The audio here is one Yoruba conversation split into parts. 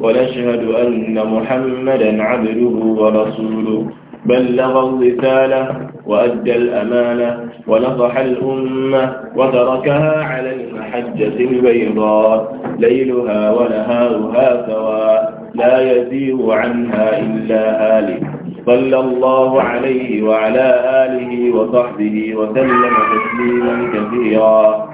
ونشهد أن محمدا عبده ورسوله بلغ الرسالة وأدى الأمانة ونصح الأمة وتركها على المحجة البيضاء ليلها ونهارها سواء لا يزيغ عنها إلا هالك صلى الله عليه وعلى آله وصحبه وسلم تسليما كثيرا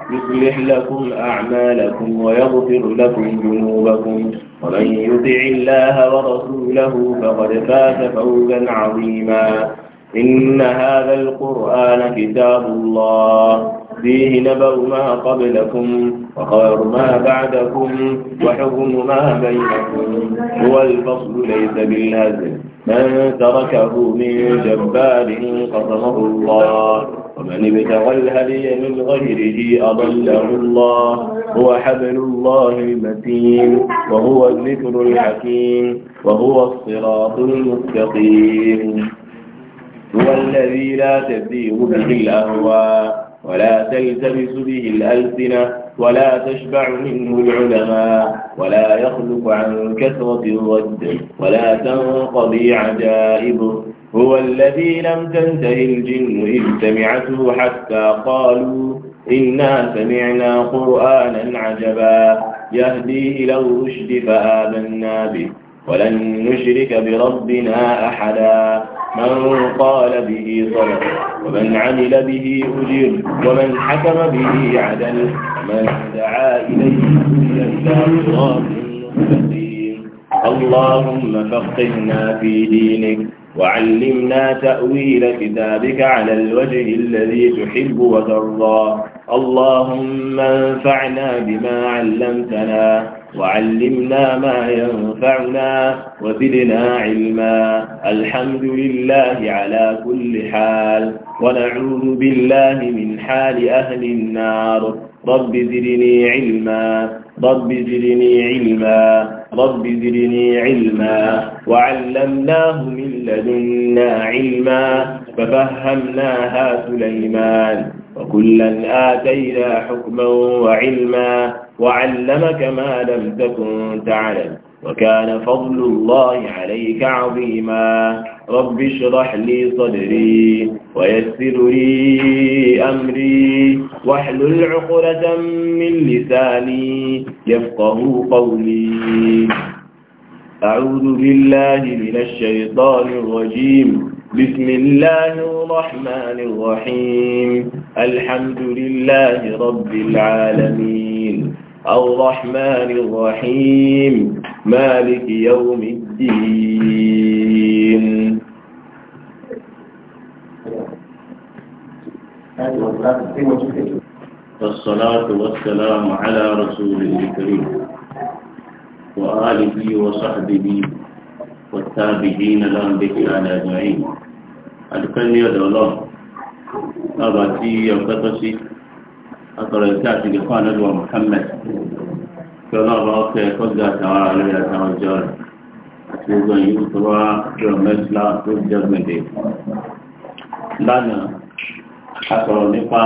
يصلح لكم أعمالكم ويغفر لكم ذنوبكم ومن يطع الله ورسوله فقد فاز فوزا عظيما إن هذا القرآن كتاب الله فيه نبأ ما قبلكم وخير ما بعدكم وحكم ما بينكم هو الفصل ليس بالهزل من تركه من جبار قصمه الله ومن ابتغى الهدي من غيره أضله الله هو حبل الله المتين وهو الذكر الحكيم وهو الصراط المستقيم هو الذي لا تبديه به الأهواء ولا تلتبس به الألسنة ولا تشبع منه العلماء ولا يخلق عن كثرة الرد ولا تنقضي عجائبه هو الذي لم تنته الجن إذ سمعته حتى قالوا إنا سمعنا قرآنا عجبا يهدي إلى الرشد فآمنا به ولن نشرك بربنا أحدا من قال به صدق ومن عمل به أجر ومن حكم به عدل ومن دعا إليه إلى الله اللهم فقهنا في دينك وعلمنا تأويل كتابك على الوجه الذي تحب وترضى اللهم انفعنا بما علمتنا وعلمنا ما ينفعنا وزدنا علما الحمد لله على كل حال ونعوذ بالله من حال أهل النار رب زدني علما رب زدني علما رب زدني علما وعلمناه من لدنا علما ففهمناها سليمان وكلا آتينا حكما وعلما وعلمك ما لم تكن تعلم وكان فضل الله عليك عظيما رب اشرح لي صدري ويسر لي أمري واحلل عقدة من لساني يفقه قولي أعوذ بالله من الشيطان الرجيم بسم الله الرحمن الرحيم الحمد لله رب العالمين الرحمن الرحيم مالك يوم الدين والصلاة والسلام على رسوله الكريم وآله وصحبه والتابعين لهم على أجمعين الكلمة يا الله أباتي يوكتسي أترى يتاتي لقاء ندوى محمد كلا رأيك يقضى تعالى يتوجه أتوقع يوكتوا يوم الإسلام تجد من ديه lana a sọ̀rọ̀ nípa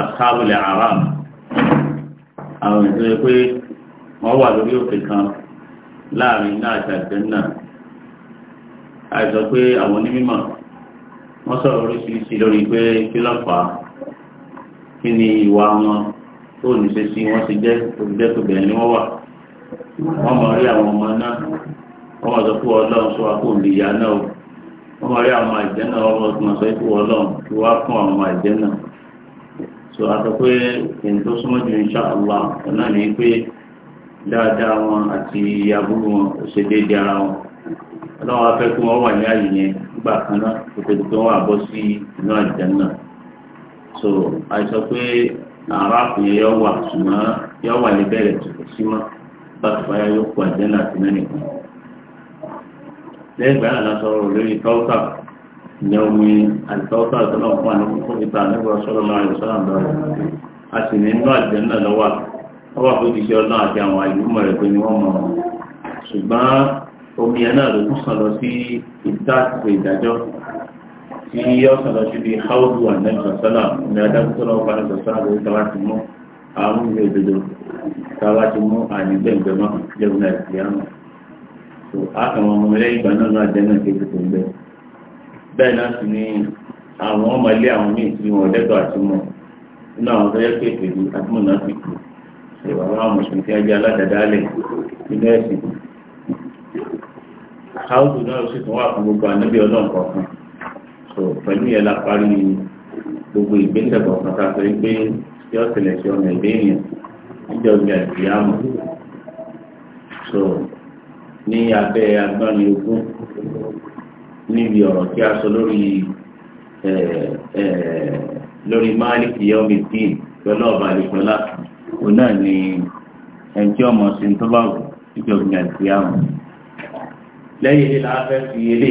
asábùlẹ̀ ara àwọn ìṣẹ̀lẹ̀ pé wọ́n wà lórí òkè kan láàrin náà àjàgbẹ́ náà A pé àwọn onímọ̀ wọ́n sọ̀rọ̀ oríṣiríṣi lórí pé kí ló kí ni ìwà wọn tó ní sí wọ́n ti jẹ́ òbíjẹ́ ni wọ́n wà wọ́n mọ̀ rí àwọn ọmọ náà wọ́n mọ̀ sọ fún ọlọ́run lè yá wọ́n rí àwọn àìjẹ́ náà wọ́n mọ̀ sọ ikú ọlọ́run kí á fún àwọn so àti pé èyí tó súnmọ́ ju insha Allah ọ̀nà ní pé dáadáa wọn àti aburú wọn ò ṣe déédé ara wọn ọlọ́run afẹ́ kí wọ́n wà ní àyè yẹn nígbà kan náà kó tó àìsọ pé àrà àkùnyẹ yọ wà ṣùgbọ́n yọ wà ní lẹ́gbẹ̀ẹ́ náà lọ́sọ̀rọ̀ lórí tọ́ọ̀tà ní omi àtọ́ọ̀tà ìtọ́lọ̀ fún àwọn ìta nígbà sọ́rọ̀ láàrin sọ́rọ̀ lọ́rọ̀ a sì ní inú àjẹ́ náà lọ́wà ọwà tó ti ṣe ọlọ́ àti àwọn àìlúmọ̀ rẹ̀ pé ni wọ́n mọ̀ ṣùgbọ́n omi ẹ̀ náà ló tún sàn lọ sí ìdáàtò ìdájọ́ tí yọ sàn lọ sí bí haudu ànẹ́gbẹ̀sọ́là ní adágútọ́lọ́ fún àtàwọn ọmọ ẹlẹ́yìn ìgbà náà náà jẹ́nà kéde tó ń bẹ́ bẹ́ẹ̀ náà sì ni àwọn ọmọ ilé àwọn míì tí wọn lẹ́tọ̀ àtúmọ̀ nínú àwọn tó yẹ pé pẹ̀lú àtúmọ̀ náà ti kù ṣèwà àwọn mùsùlùmí tí a jẹ́ aládàádáálẹ̀ nínú ẹ̀sìn káwùtù náà sì tún wà fún gbogbo ànábì ọlọ́run kọ̀ọ̀kan so pẹ̀lú yẹn la parí gbogbo ìgbésẹ̀ kọ̀ọ̀kan tá a sọ pé yọ ọ̀sẹ̀lẹ̀ sí ọmọ ìbéèyàn níjọ́ ní abẹ́ agbáni ogún níbi ọ̀rọ̀ tí a sọ lórí lórí máàlìkì yọmi dín pẹ̀lú ọba àdìpọ̀lá òun náà ni ẹnjẹ́ ọmọ sí tó bá wù níbi ọ̀gbìn àti àwọn. lẹ́yìn ilé láfẹ́ fi ilé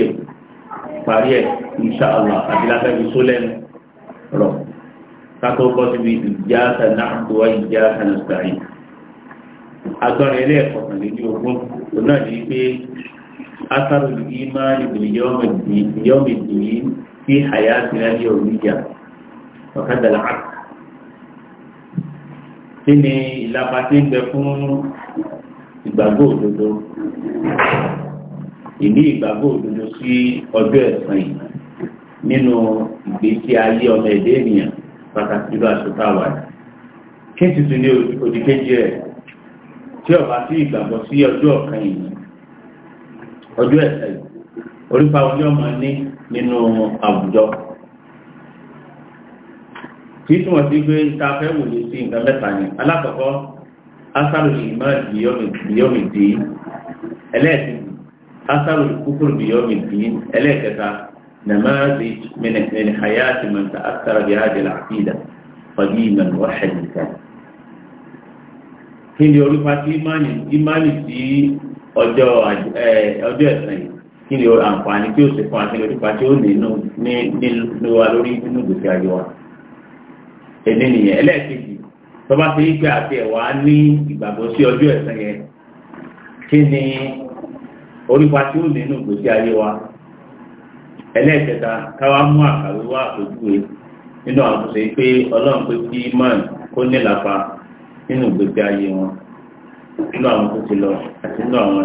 parí ẹ̀ inṣàlá àti láfẹ́ fi só lẹ́nu rọ̀ kátó bọ́ síbi ìjà sanáàtò ìjà sanáàtò àyè. agbọ́n ilé ẹ̀kọ́ kan lè ní ogún òun náà ní pé asaru ìmáàlì bìlì yọ́mì dìí sí àyàtì láti òwúrìyà ọ̀kadàlá àkà kí ni ìlàpá tí ń bẹ fún ìgbàgbọ́ òdodo ìní ìgbàgbọ́ òdodo sí ọjọ́ ẹ̀san yìí nínú ìgbésí ayé ọmọ ẹ̀dẹ́ ènìyàn pàtàkì jùlọ àṣọ táwa kí tuntun ní òdìkejì rẹ̀ tí ọba ọ sí ìgbàgbọ́ sí ọjọ́ ọ̀kan yìí ọjọ́ ẹ̀sẹ̀ orípa ọjọ́ ọmọ ní nínú àwùjọ tí túnmọ̀ sí pé yìí ta fẹ́ wò lè sí nǹkan mẹ́ta ni alákọ̀ọ́kọ́ asáró ìmọ̀ bìyọ́mìdì ẹlẹ́ẹ̀kejì asáró kúkúrú bìyọ́mìdì ẹlẹ́ẹ̀kẹta dì mẹ́nìkàyà àti dì mọ̀ta asáró bìyájẹ̀ làkìdà fọ́dí ìmọ̀ wọ́n ṣẹ̀dìkan kí ni orúkọ sí imani imani sí ọjọ́ ọjọ́ ẹ̀sìn kí ni àǹfààní tí ó sì fún àti orúkọ tí ó nínú ní wa lórí inú gbèsè ayé wa èdè nìyẹn ẹlẹ́ẹ̀kejì tó bá ti ń pẹ́ àti ẹ̀wà ní ìgbàgbọ́ sí ọjọ́ ẹ̀sìn yẹn kí ni orúkọ tí ó nínú gbèsè ayé wa ẹlẹ́ẹ̀kẹta káwá mú àkàwé wá àpèjúwe nínú àwọn tó ṣe pé ọlọ́run pé kí imani kó nílàpá nínú ìgbésí ayé wọn nínú àwọn tó ti lọ àti nínú àwọn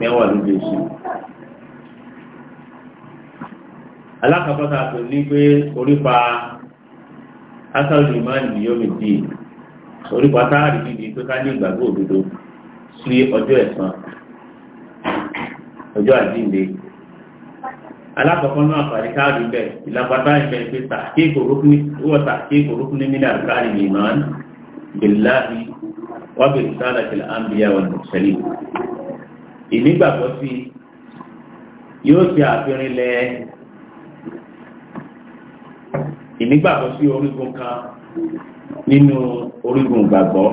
mẹ́wàá lójú oṣù. alákàtọ́ta tó ní pé orípa asáwùjì máa ń yóò mi di orípa táàrí níbi pé ká ní ìgbàgbọ́ òdodo sí ọjọ́ ẹ̀san ọjọ́ àdínde alákọ̀ọ́kọ́ náà àfàrí káàrí bẹ́ẹ̀ ìlàpàtà ìfẹ́ pé tàkí ìkòrókúnní mínà káàrí ìmọ̀ billahi wa bi risalati al-anbiya wal mursalin ìnígbàgbọ́ sí yóò ṣe àfihàn ilẹ̀ ìnígbàgbọ́ sí orígun kan nínú orígun ìgbàgbọ́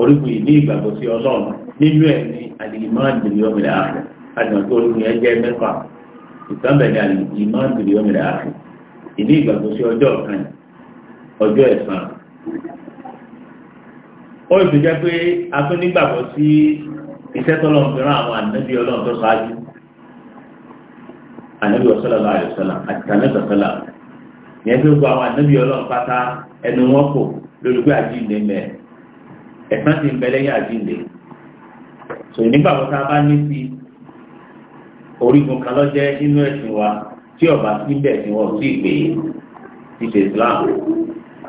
orígun ìní ìgbàgbọ́ sí ọlọ́run nínú ẹ̀ ní àdìgbìmọ́ǹdìrì ọmọdé ààfẹ́ àdìgbàgbọ́ orígun yẹn jẹ́ mẹ́fà ìtànbẹ̀ ní àdìgbìmọ́ǹdìrì ọmọdé ààfẹ́ ìní ìgbàgbọ́ sí ọjọ́ kan ọjọ́ ẹ̀san o fi jẹ́ a tún nígbàgbọ́ sí iṣẹ́ tọ́lọ́run fi rán àwọn ànábì ọlọ́run tó ṣáájú ànábì ọ̀sọ́lá bá àti tànẹ́tọ̀ sọ́lá yẹn tó àwọn ànábì ọlọ́run pátá ẹnu wọn kò lórí pé àjíǹde mẹ́ ẹ̀sán ti ń bẹ lẹ́yìn àjíǹde sọ nígbàgbọ́ tá a bá ní sí orígun kan lọ́jẹ́ nínú ẹ̀sìn wa tí ọba síbẹ̀ ni wọn ti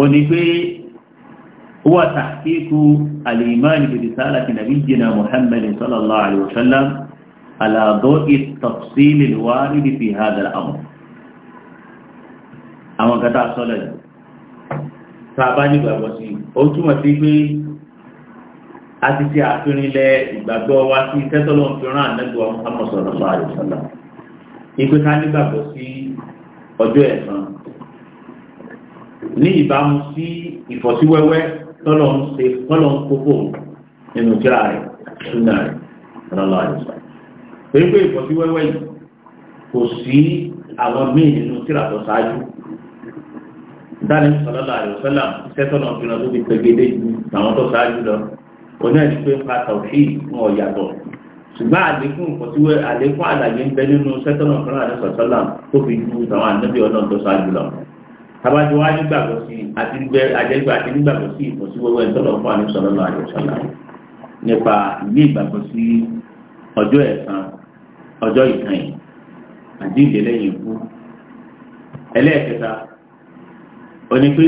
òní pé wọ́n tàkíkù alìmáàlì bèèrè sáàlá ti nàbí jìnà Muhammad sallallahu alaihi wasallam aláàbọ̀ ìtọ̀sílẹ̀ wárí ní fi hádàrà àmọ́ àwọn kata sọ́lẹ̀ tàbá nígbàgbọ́ sí ó túnmọ̀ sí pé a ti ṣe àfihànilẹ̀ ìgbàgbọ́ wa sí tẹ́tọ́lọ́ fi rán ànẹ́gbọ́ Muhammad sallallahu alaihi wasallam ìpínká nígbàgbọ́ sí ọjọ́ ẹ̀san ní ìbámu sí ìfọ̀síwẹ́wẹ́ tọ́lọ̀ ń ṣe tọ́lọ̀ ń kókó nínú kíra rẹ̀ súnà rẹ̀ lọ́lọ́ àìsàn torí pé ìfọ̀síwẹ́wẹ́ yìí kò sí àwọn míì nínú kíra tó ṣáájú dání sọlọ́lá àìsọ́lá iṣẹ́ tọ́lọ̀ ń fi hàn tó fi pegedé ju àwọn tó ṣáájú lọ oní ẹni pé nípa tàwí fún ọ̀yàtọ̀ ṣùgbọ́n àlékún ìfọ̀síwẹ́ àlékún àlàyé ń bẹ nínú sẹ́tọ̀nà fúnra àdẹ́sọ̀sọ́là tó fi ju àwọn ànábì ọlọ́run tó ṣáájú lọ abájọ wa nígbàgbọ́ sí àti àjẹgbà àti nígbàgbọ́ sí ìfọ̀síwọ́wọ́ ìtọ́lọ̀ fún àmì sọ̀rọ̀ àjọ sọ̀lá nípa ilé ìgbàgbọ́ sí ọjọ́ ẹ̀san ọjọ́ ìkànnì àti ìdẹ́lẹ́yìn ikú ẹlẹ́ẹ̀kẹta òní pé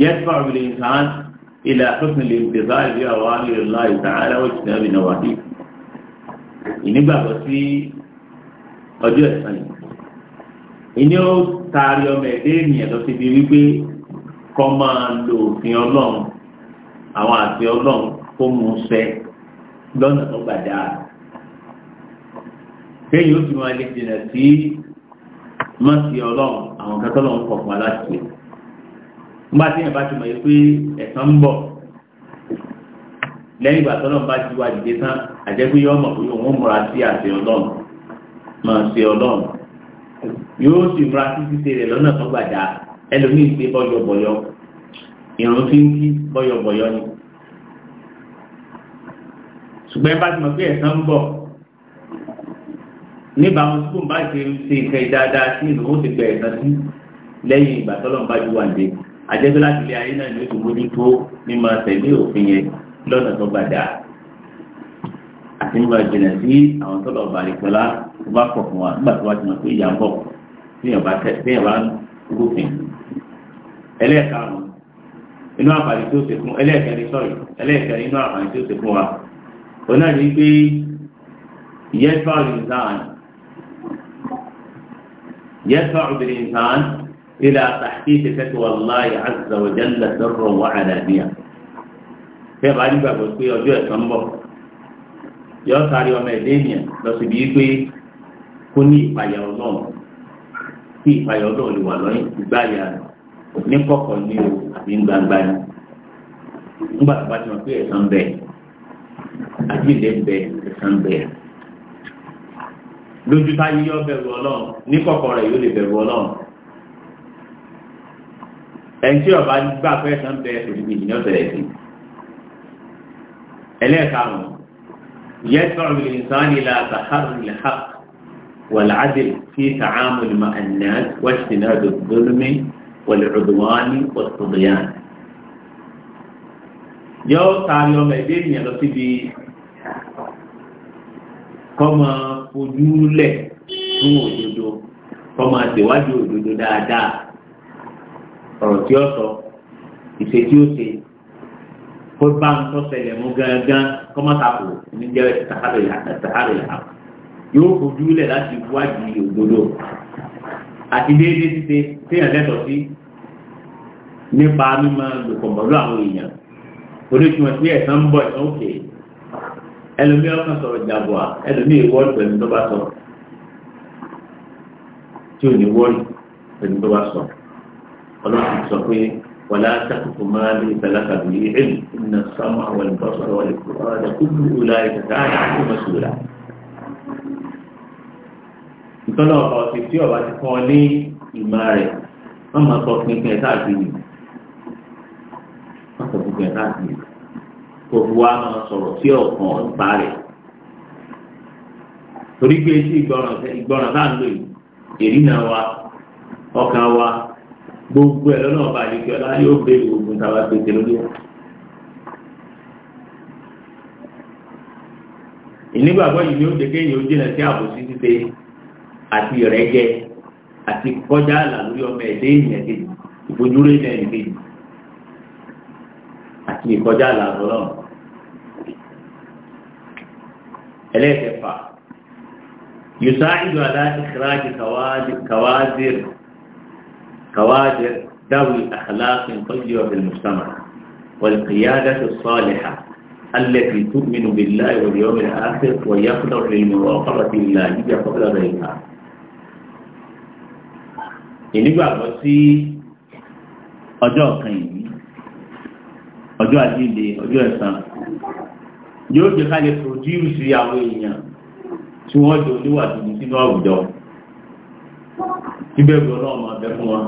yẹ́tùfà òbílẹ̀ ìsàn ilẹ̀ àtúntò lè dèbà ìdí àwọn àlèlá ìtàhálà òjì náà bìnà wà ní ìnígbàgbọ́ sí ọjọ́ ẹ̀san yìí ìní ó taari ọmọ ẹ̀dẹ́ ènìyàn lọ síbi wípé kọ́ máa lo òfin ọlọ́run àwọn àti ọlọ́run kó mú un ṣẹ lọ́nà tó gbàdá kéyìn ó ti máa lè jìnà sí mọ́sí ọlọ́run àwọn kẹ́kọ̀ọ́ lọ́run kọ̀ fún aláṣẹ nígbà tí yẹn bá ti mọ̀ yẹ pé ẹ̀san ń bọ̀ lẹ́yìn ìgbà tọ́lọ́run bá ti wá dìde tán àjẹ́gbé yọ ọmọ pé òun múra sí àti ọlọ́run máa ṣe ọlọ́run yóò sì múra títí ṣe rẹ̀ lọ́nà tó gbàdá ẹlòmíì ṣe bọ́yọ̀bọ̀yọ̀ ìrùn tí ń kí bọ́yọ̀bọ̀yọ̀ ni ṣùgbọ́n bá ti mọ̀ pé ẹ̀san ń bọ̀ níbàámu tí kò bá ṣe ń ṣe nǹkan dáadáa sí ìlú ó ti gbẹ ẹ̀san sí lẹ́yìn ìgbà tọ́lọ̀ ń bá ju wàǹdé àjẹsọ́ láti ilé ayé náà ni ó ti mójútó mímọ tẹ̀lé òfin yẹn lọ́nà tó gbàdá àti mímọ tó bá pọ̀ fún wa nígbà tó wa ti mọ̀ pé ìyá ń bọ̀ téèyàn bá tẹ̀ téèyàn bá gbófin ẹlẹ́ẹ̀karùn-ún inú àǹfààní tí ó ṣe fún ẹlẹ́ẹ̀kẹrin sọ̀rọ̀ ẹlẹ́ẹ̀kẹrin inú àǹfààní tí ó ṣe fún wa òun náà ní pé yẹ́sọ̀ ìlànà يدفع بالإنسان إلى تحقيق فتوى الله عز وجل سرا وعلانية fẹ́ bá nígbàgbọ́ pé ọjọ́ ẹ̀san ń bọ̀ yọ sáré ọmọ ẹ̀dẹ́ ènìyàn lọ síbi pé kó ní ìpayà ọlọ́run tí ìpayà ọlọ́run lè wà lọ́yìn ìgbáyà ní kọ̀kọ̀ ní o àti ní gbangba ni nígbà tó bá ti wọn pé ẹ̀san bẹ̀ àti ilé bẹ̀ ẹ̀san bẹ̀ lójú tá yíyọ bẹ̀rù ọlọ́run ní kọ̀kọ̀ rẹ̀ yóò lè bẹ̀rù ọlọ́run ẹni tí ọba gbà pé ẹ̀san bẹ̀ òdìbò ìjìnlẹ̀ ọ̀sẹ̀lẹ̀ sí ẹlẹ́ẹ̀karùn-ún yẹ́tọ̀ والعدل في تعامل مع الناس واجتناب الظلم والعدوان والطغيان يو تعالي يوم الدين يا رسيبي كما فجولة هو جدو كما سواجه جدو دا دا فرسيوسو يسيتيوسي فربان توسي لمو جان كما تقول من جاوة تحاري الحق yóò fojú lẹ̀ láti wájú òdodo àti déédé títẹ téèyàn lẹ́tọ̀ sí nípa mímọ lòpọ̀mọ́lú àwọn èèyàn oníṣùwọ̀n sí ẹ̀sán ń bọ̀ ẹ̀sán òkè ẹlòmí ọkàn sọ̀rọ̀ jàbọ̀ à ẹlòmí ìwọ́ọ̀lù pẹ̀lú tó bá sọ tí ò ní wọ́ọ̀lù pẹ̀lú tó bá sọ ọlọ́run sọ pé wàlá takùkù máa lè tàlákà lórí ẹ̀lù ìnà sọ́mọ́ àwọn ìbọ̀sọ̀rọ̀ wọlé kúrò ọ̀rọ̀ tọ́lá ọba ọ̀sẹ̀ tí ọba ti kọ́ lé ìmọ̀ rẹ̀ wọ́n máa sọ pínpín ẹ̀ka àgbèrè wọ́n sọ pínpín ẹ̀ka àgbèrè kò fún wa máa sọ̀rọ̀ sí ọ̀kan rẹ̀ torí pé sí gbogbo ẹ̀ lọ́nà ọba àdìgbẹ́ ọlá yóò béèrè ogun táwa gbèsè lórí yìí ni àti jẹ àti kọjá àlà lórí ọmọ ẹ̀dẹ́ ènìyàn kejì ìfojúrí ẹ̀dẹ́ ènìyàn kejì àti ìkọjá àlà lọ́rọ̀ ẹlẹ́ẹ̀kẹfà yusa'idu ala ikhraj kawadir kawadir ذوي أخلاق طيبة في المجتمع والقيادة الصالحة التي تؤمن بالله واليوم الآخر ويقدر للمراقبة الله قبل غيرها ìnígbàgbọ́ sí ọjọ́ ọ̀kan yìí ọjọ́ àjíǹde ọjọ́ ẹ̀san yóò jẹ́ ká lè pòdúùsì àwọn èèyàn tí wọ́n jọ oníwà tuntun sínú àwùjọ síbẹ̀ bí ọlọ́run máa bẹ fún wọn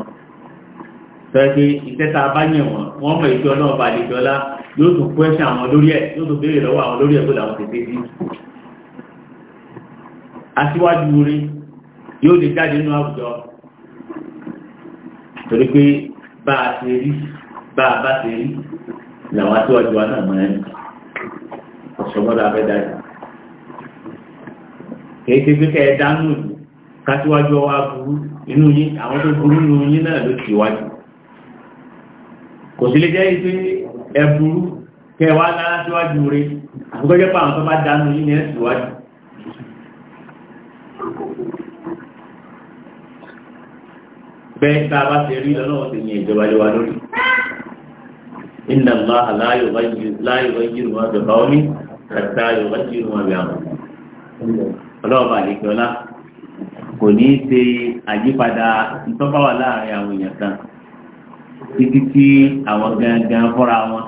fẹ́ẹ́ iṣẹ́ tá a bá yẹ̀ wọ́n wọ́n mọ̀ ìjọ náà bá lè jọlá yóò tún pẹ́ṣẹ̀ àwọn lórí ẹ̀ yóò tún béèrè lọ́wọ́ àwọn lórí ẹ̀ tó làwọn tètè sí aṣíwájú orí yóò lè jáde nínú àwùjọ torí pé bá a ṣe rí bá a bá ṣe rí làwọn aṣíwájú wa náà máa ń ọ̀ṣọ́gbọ́dọ̀ abẹ́dá yìí kìí ṣe pé kẹ́ ẹ dánú ìlú kásíwájú ọwá burú inú yín àwọn tó burú inú yín náà ló ti wájú kò sí lè jẹ́ pé ẹ burú kẹ́ wá lára síwájú rẹ àkókò àwọn tó bá dánú yín ní ẹ̀ síwájú bẹ́ẹ̀ tá a bá ti rí lọ́wọ́ ti yẹn ìjọba lé wa lórí. Inna Allah la yughayyiru ma bi qawmin hatta yughayyiru ma bi anfusihim. ọlọ́ọ̀bà àdékọ́lá kò ní í ṣe àyípadà ntọ́páwà láàrin àwọn èèyàn kan títí tí àwọn gangan fúnra wọn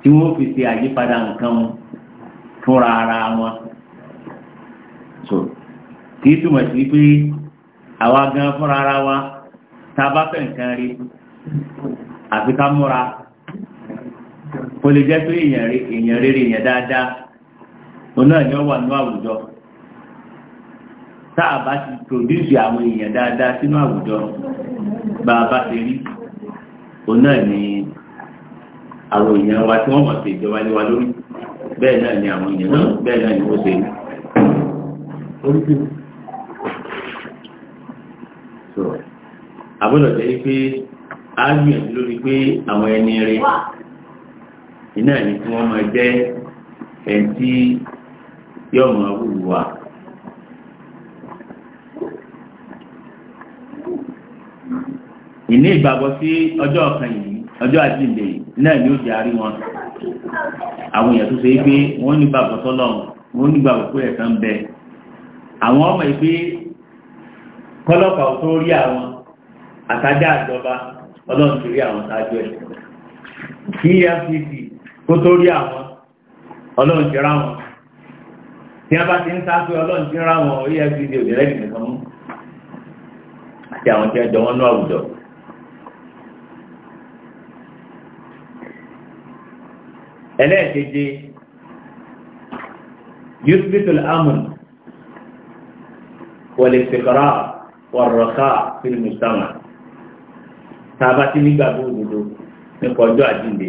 tí wọ́n fi ṣe àyípadà nǹkan fúnra ara wọn. kì í túmọ̀ sí pé àwa gan fúnra ara wa tá a bá fẹ́ nǹkan rí àfi ká múra o lè jẹ́ pé èèyàn rere èèyàn dáadáa òun náà ni ó wà ní àwùjọ tá a bá ti pòdúsì àwọn èèyàn dáadáa sínú àwùjọ bá a bá ṣe rí òun náà ni àwọn èèyàn wa tí wọ́n mọ̀ sí ìjọba lé wa lórí bẹ́ẹ̀ náà ni àwọn èèyàn náà bẹ́ẹ̀ náà ni wọ́n ṣe rí. àbúrò jẹ́ pé a gbìyànjú lórí pé àwọn ẹni rẹ iná ní kí wọ́n máa jẹ́ ẹni tí yóò máa wùwù wa. ìní ìgbàgbọ́ sí ọjọ́ ọ̀kan yìí ọjọ́ àjíǹde yìí náà ni ó jẹ́ àrí wọn àwọn èèyàn tó ṣe pé wọ́n ní gbàgbọ́ sọ́lọ́run wọ́n ní gbàgbọ́ pé ẹ̀san ń bẹ àwọn ọmọ ìpé kọ́lọ́pàá tó rí àwọn àtàjá àjọba ọlọ́run ti rí àwọn sáájú ẹ̀ kí efcc kó tó rí àwọn ọlọ́run ti rá wọn tí a bá ti ń sáfẹ́ ọlọ́run ti rá wọn efcc ò lẹ́rẹ́ nìkan mú àti àwọn tí a wọn ní àwùjọ. ẹlẹ́ẹ̀keje yusbitul amun wal istiqrar wal raqa fil tàbá tí nígbàgbọ́ òdodo nípa ọjọ́ àjíǹde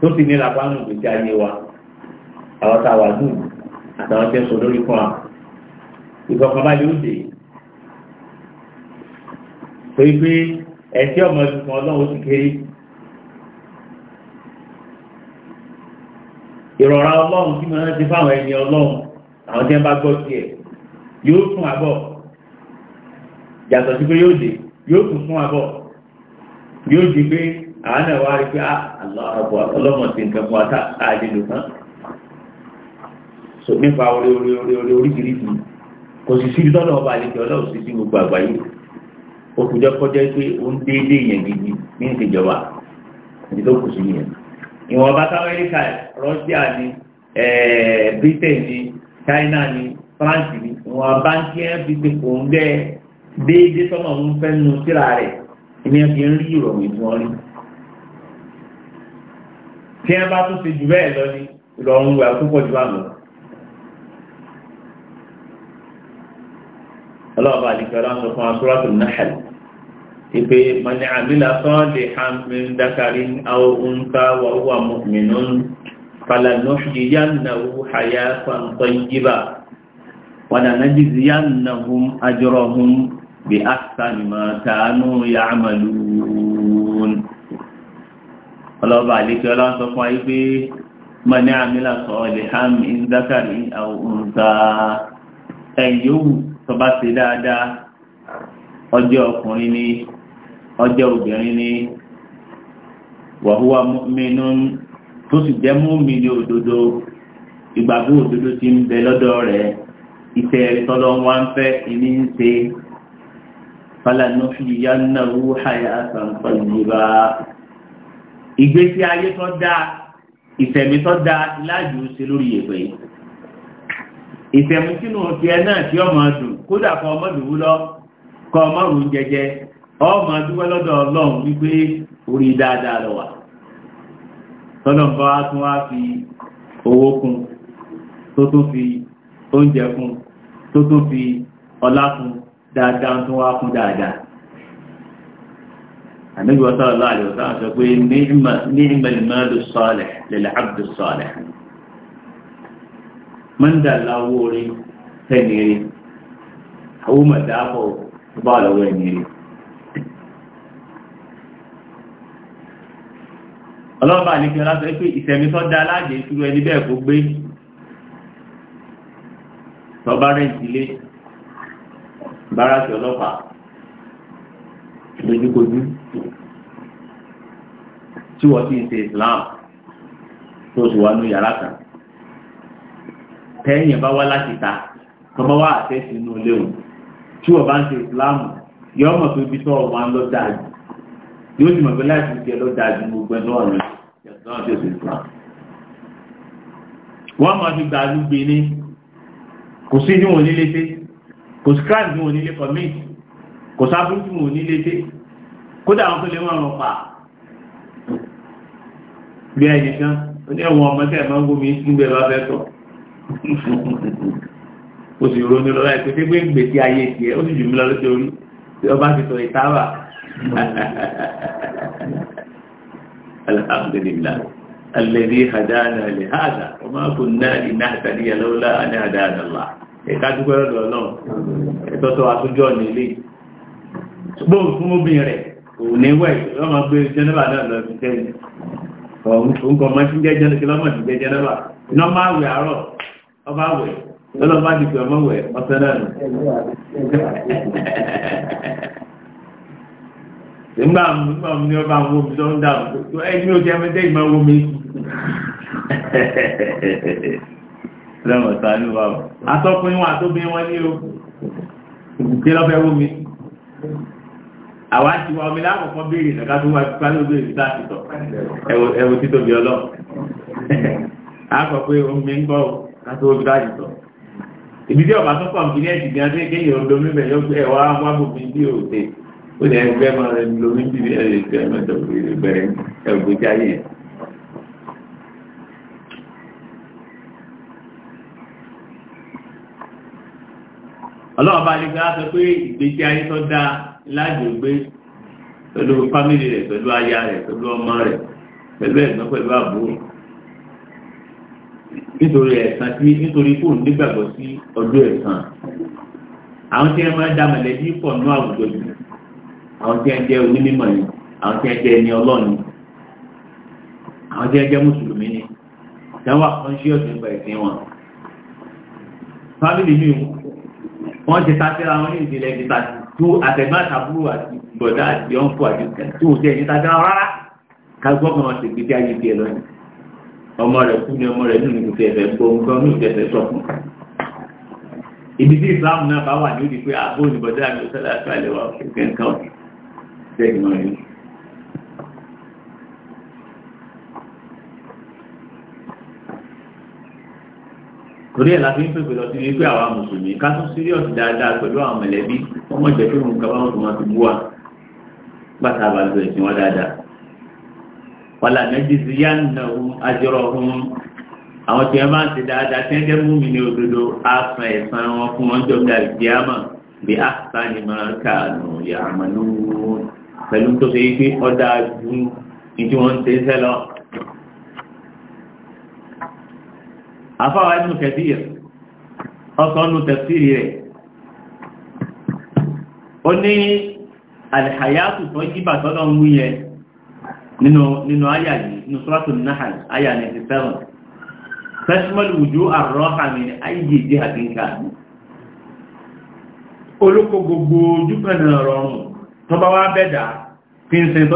tó sì ní làbánu ìgbésí ayé wa àwọn tá a wà dùn àtàwọn tẹ́ sọ lórí fún wa ìfọkànbalẹ̀ ó dé torí pé ẹ̀sí ọmọ ìfún ọlọ́run ti kéré ìrọ̀ra ọlọ́run tí wọ́n ti fáwọn ẹni ọlọ́run àwọn tí wọ́n bá gbọ́ sí ẹ̀ yóò fún àbọ̀ yàtọ̀ sí pé yóò dé yóò fún abọ́ yóò di pé àánà wá rí pé ah, aláàbọ̀ ọlọ́mọ ti nǹkan fún ata so nípa orí orí orí orí kò sì si tọ́lọ̀ ọba àlejò ọlọ́run sí sí gbogbo àgbáyé ó kù jẹ́ pé ó ń déédé gidi ní ìṣèjọba ìdí tó kù sí yẹn ìwọ̀n bá rọ́ṣíà ni britain ni china ni france ni ìwọ̀n bá ń fi déédéé tọ́mọ̀ ń fẹ́ nu síra rẹ̀ ìní ẹ̀ fi ń rí ìrọ̀rùn ìfún ọ rí tí ẹ bá tún ti jù bẹ́ẹ̀ lọ ní ìrọ̀rùn wẹ̀ púpọ̀ jù àmọ́ ọlọ́ọ̀bá àdìgbà láńsọ fún asúrátù náà ìpè mọ̀nì àmìlà sọ́ọ̀lì hàmì dákàrí àwọn oúnta wà wà mọ̀mìnún falanọ́ṣìyànnàwó hayá fàǹtọ́ yíba wàdànájìzìyànnàwó àjọrọ̀hún bí asani ma kánú ya'malun ọlọ́ba àlekẹ́ ọlọ́run sọ fún ayé pé mọ̀ní àmìlà sọ ọ̀lẹ̀ ham ìdákàrí àwọn òǹkà ẹ̀yọ́wù tó bá ṣe dáadáa ọjọ́ ọkùnrin ni ọjọ́ obìnrin ni wàhúwa mímú tó sì jẹ́ múmi ní òdodo ìgbàgbọ́ òdodo ti ń bẹ lọ́dọ̀ rẹ̀ ìtẹ̀ẹ̀rẹ̀ tọ́lọ́ wá ń fẹ́ ìní ń ṣe falanúhìyánnáwó hayatan tayyiba ìgbésí ayé tó dáa ìfẹ̀mí tó dáa láàyò ṣe lórí ìyẹ̀pẹ̀ yìí ìfẹ̀mí sínú ti ẹ náà tí ọmọ dùn kódà kọ ọmọ dùn lọ kọ ọmọ rùn jẹjẹ ọmọ dúpẹ́ lọ́dọ̀ ọlọ́run wípé orí dáadáa lọ wà tọ́lọ̀ bá wá tún wá fi owó kún tó tún fi oúnjẹ kún tó tún fi ọlá kún dáadáa tó wá kún dáadáa ànábì sallallahu alaihi wasallam sọ pé ni'mal malu salih lil abdi salih mọ́ndà láwọ́ orí tẹ́nìrí àwọn mọ̀dáàbọ̀ bá lọ́wọ́ ẹ̀nìrí ọlọ́ba àníkẹ́ lásọ pé ìsẹ̀mí tó dá aláàjẹ́ ìṣúrú ẹni báràkì ọlọ́pàá lójúkojú tí wọ́n ti ń ṣe Islam tó sì wá ní yàrá kan tẹ́yìn bá wá láti ta tọ́mọ́ wá àtẹ́sí inú ilé òun tí wọ́n bá ń ṣe Islam yọ ọmọ tó ibi tọ́ wọn lọ dáa jù yóò sì mọ̀ pé láti ṣe lọ dáa jù gbogbo ẹ̀ lọ́rùn yàtọ̀ náà tó ṣe Islam wọ́n máa fi gbàlúgbìn ní kò sí níwọ̀n nílé sí kò sí crime tí wọn nílé commit kò sábúrú tí wọn nílé dé kódà àwọn tó lè wọn rùn pa bí ẹnì kan ó ní ẹ̀wọ̀n ọmọ tẹ ẹ máa ń gómi níbẹ̀ bá fẹ́ tọ̀ ó sì ronú lọ láì pé pé gbèsè ayé tiẹ̀ ó sì jù mí lọ lóṣèlú tí ọba ti sọ ìtawà alhamdulillah alladhi hadana li hadha wa ma kunna linahtadiya lawla an hadana Allah ìdájúgbẹ́ lọ́dọ̀ náà ẹ̀tọ́tọ́ aṣojú ọ̀nà ilé gbóhùn fún obìnrin rẹ̀ kò ní wẹ̀ lọ́mọ gbé jẹ́nẹ́bà náà lọ sí tẹ́lẹ̀ ọ̀nkọ̀ máa ti jẹ́ jẹ́nẹ́bà lọ́mọ ti jẹ́ jẹ́nẹ́bà iná máa wẹ̀ àárọ̀ ọba wẹ̀ lọ́lọ́ bá ti pẹ̀ ọmọ wẹ̀ ọ̀sẹ̀ náà nù. nígbà nígbà ní ọba àwọn omi tó ń dà ẹni ó lẹ́wọ̀n sàánú wà wọn àtóbìnrin o òkùnkè lọ́fẹ́ wómi àwọn wa omi lákòókò béèrè nàka tó wà pípa ló béèrè tá a bi sọ ẹwọ títóbi ọlọ omi ń ká tó a tí ọba tó ní adé ẹwà ó bí ọlọ́run bá lè gbá sọ pé ìgbésí ayé tó dáa láàjò gbé pẹ̀lú fámìlì rẹ̀ pẹ̀lú aya rẹ̀ pẹ̀lú ọmọ rẹ̀ pẹ̀lú ẹ̀gbọ́n pẹ̀lú àbúrò nítorí ẹ̀sán tí nítorí fóònù nígbàgbọ́ sí ọjọ́ ẹ̀sán àwọn tí wọ́n máa ń dá mọ̀lẹ́bí pọ̀ ní àwùjọ jù àwọn tí wọ́n jẹ́ onímọ̀ ni àwọn tí wọ́n jẹ́ ẹni ọlọ́ọ̀ni àwọn tí wọ́n jẹ́ mùsùlùmí ni tí wọ́n wà conscious nípa ẹ̀sìn wọn fámìlì mi wọ́n ti tàbíra wọn ní ìdílẹ̀ ìdíta tó àtẹ̀gbàtàbúrò àti bọ̀dá àti ọ̀nfọ̀ àti ìkẹ̀kẹ̀ tó jẹ́ ìdíta jẹ́ rárá kagbọ́gbọ́n wọn ti gbé dé ayé díẹ̀ lọ́nà ọmọ rẹ̀ kú ní ọmọ rẹ̀ nínú ìfẹ́ ẹ̀fẹ́ gbọ́ngbọ́n ní ìfẹ́ ẹ̀fẹ́ ibi tí Islam náà bá wà ní ó di pé àbó ìbọ̀dá àti òṣèlú àti àlẹ́wà òkè torí ẹ̀ la fi ń pèpè lọ sí wípé àwa mùsùlùmí ká tún sírìọ̀sì dáadáa pẹ̀lú àwọn mọ̀lẹ́bí ọmọ ìjẹ́ tó ń kaba wọn tó máa fi bú wa gbàtà bá lu ẹ̀sìn wọn dáadáa. wàlà méjì sí yá nà ó àjọrọ fún àwọn tí wọn bá ń ṣe dáadáa tí wọn jẹ́ mú mi ní òdodo á san ẹ̀san wọn fún wọn jọ bí àlùkìyàmà bí á san ní máa kà nù yà àmàlú pẹ̀lú tó ṣe é pé ọ̀dà ju ìdí wọn ṣe é afáwà a Kathir ọsọ́nù tafsiri rẹ̀ ó ní alìhàyàtù tó jíbà tọ́lọ ń wúyẹ nínú nínú suratul Nahl àyà 97 tashmalu wujuh ar-raha olóko gbogbo ojúkànnà ha tọ́ba wá bẹ́dà fi ń sin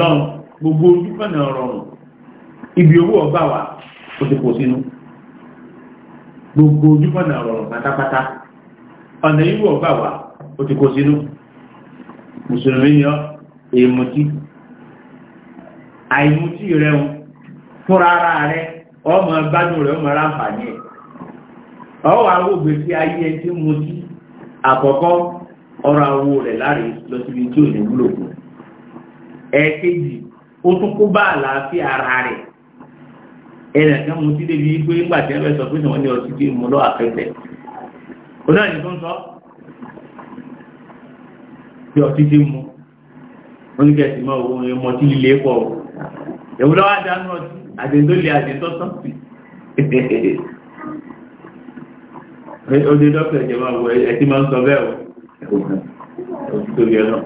lọ́rùn gbogbo ojúkànnà rọrùn ibi owó ọgbà wà ó ti kò sínú gbogbo ojúmọ̀nà ọ̀rọ̀ pátápátá ọ̀nà ìwò ọ̀gbà wà ó ti kó sínú mùsùlùmí yọ èèmùtí àìmùtí rẹ ń fúnra ara rẹ ọmọ gbádùn rẹ ọmọ ráǹfààní ẹ ọwọ́ awógbè sí ayé ẹ tí mutí àkọ́kọ́ ọrọ̀ awo rẹ̀ láre lọ síbi tí ò ní wúlò fún ẹ̀ẹ́kejì ó tún kó bá àlàáfíà ara rẹ̀ ẹnì kan mu ti débi pé ńgbà tí ẹ fẹ́ sọ pé sọ̀wọ́n ní ọtí tí mo lọ àfẹ́fẹ́ oná ẹni tó ń sọ tí ọtí tí mu oníkẹ́sì mọ́ owó ẹmọ tí ilé pọ̀ o ẹ̀wọ́n lọ́wọ́ àdánù ọtí àdéńtó lè àdéńtó sọ́ọ̀tì ọdẹ dọ́kítà ìjọba wo ẹ ti máa ń sọ bẹ́ẹ̀ o òtí tó yẹ náà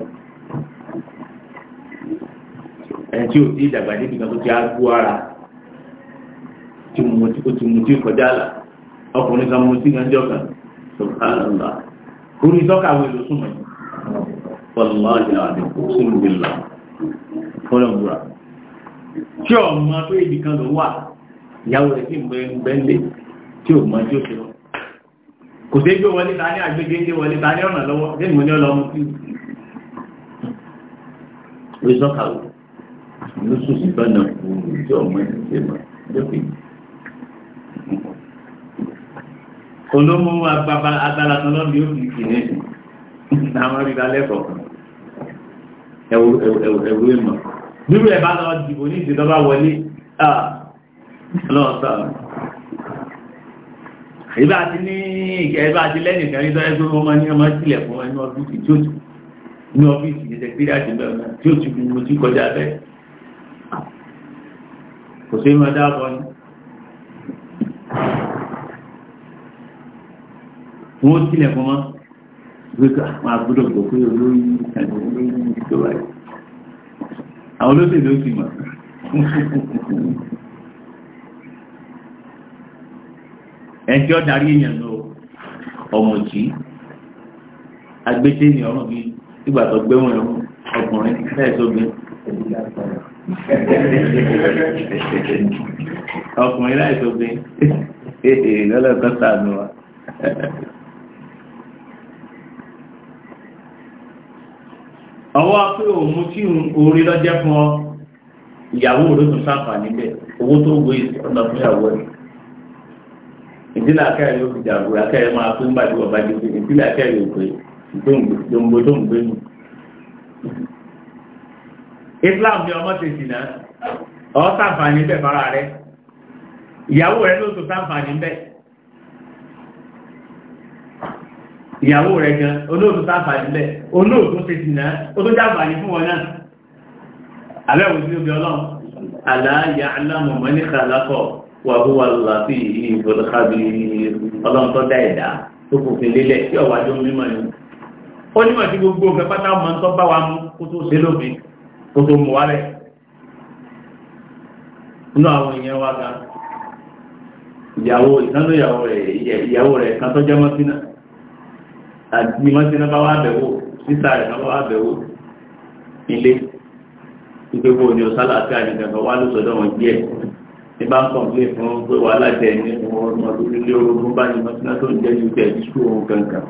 ẹni tí ò sí tó ti á gbó ara ti mutí ó ti mutí kọjá là ọkùnrin kan mutí kan jọ kan subhanallah orí sọ́kà wo ló súnmọ́ yìí wàlúwàá jẹ́ àdínkù sínú ìlà fọlọ́mùra tí ọmọ tó ibi kan ló wà ìyàwó rẹ̀ sì ń bẹ́ ń lé tí ò mọ tí ó ṣe lọ kò sí gbé wọlé ta ní agbègbè ńlé wọlé ta ní ọ̀nà lọ́wọ́ ṣé ìmọ̀ ní ọlọ́mú sí orí sọ́kà wo ló sùn sí bẹ́ẹ̀ náà fún ìjọ ọmọ ẹ̀ ṣe mọ́ ẹjọ́ kejì olómú agbára agbára tó lọ́nà yóò fi kìíní àwọn rí lálẹ́ kọ̀ọ̀kan ẹ̀wù ìmọ̀ bíbí ẹ̀ bá lọ dìbò ní ìdìdọ́bà wọlé lọ́ọ̀tọ̀ ìbá ti ní ìgbà ti lẹ́yìn kan nítorí pé wọ́n máa ní ọmọ sílẹ̀ fún ẹni ọ́fíìsì tí ó tù ní ọ́fíìsì ní sẹ́kírìàtì bẹ́ẹ̀ tí ó tù bí mo ti kọjá bẹ́ẹ̀ kò sí mọ́ dáàbọ̀ ni wọ́n tilẹ̀ fún wọn gbogbo àwọn àgbúdọ̀ gbò pé olóyìn ìtàgbọ̀n olóyìn ìjọba yìí àwọn olóṣèlú ó sì mọ̀ ẹ̀jẹ̀ ọ̀darí èèyàn lọ ọmọjì agbẹ́jẹ́ ni ọ̀rọ̀ mi nígbà tó gbé wọn ọkùnrin lẹ́ẹ̀sọ́gbé ọkùnrin láìsọ́gbé lọ́lọ́kọ́ sàánú wa ọwọ́ pé òun tí orí lọ́jẹ́ fún ọ ìyàwó olóògùn sáfà níbẹ̀ owó tó gbé ọ̀nà fún ìyàwó ẹ̀ ìdílé akẹ́rẹ́ yóò fi dàgbò akẹ́rẹ́ máa pín bàjú ọba jù pé ìdílé akẹ́rẹ́ yóò pé gbòǹgbò tó ń gbé nù. Islam ni ọmọ tètè náà ọ sáfà níbẹ̀ fara rẹ̀ ìyàwó rẹ̀ ló tó sáfà níbẹ̀. ìyàwó rẹ̀ gan olóòtú sáfàdì lẹ̀ olóòtú ti sì náà ó tó jáfàdì fún wọn náà abẹ́wò sí obì ọlọ́run aláàyà alámọ̀mọ́ ní kàlákọ̀ wà húwà láti ìfọ̀lọ́kábí ọlọ́run tó dá ẹ̀dá tó fòfin lélẹ̀ tí ọ̀wà jọ mímọ̀ ni ó nímọ̀ tí gbogbo ọ̀fẹ́ pátá ọmọ tó bá wa mú kó tó ṣe lóbi kó àti mọ́sí náà bá wá bẹ̀wò sísà rẹ̀ náà bá wá bẹ̀wò ilé ìgbégbó ni ọ̀sálà àti àjẹjẹ̀bẹ̀ wá ló sọ́dọ̀ wọn díẹ̀ ní bá ń kọ̀m̀plé fún pé wàhálà jẹ́ ní ọmọ lórí ilé orogún bá ní mọ́sí náà tó ń jẹ́ ju tẹ̀ ní sùkúrù ohun kankan.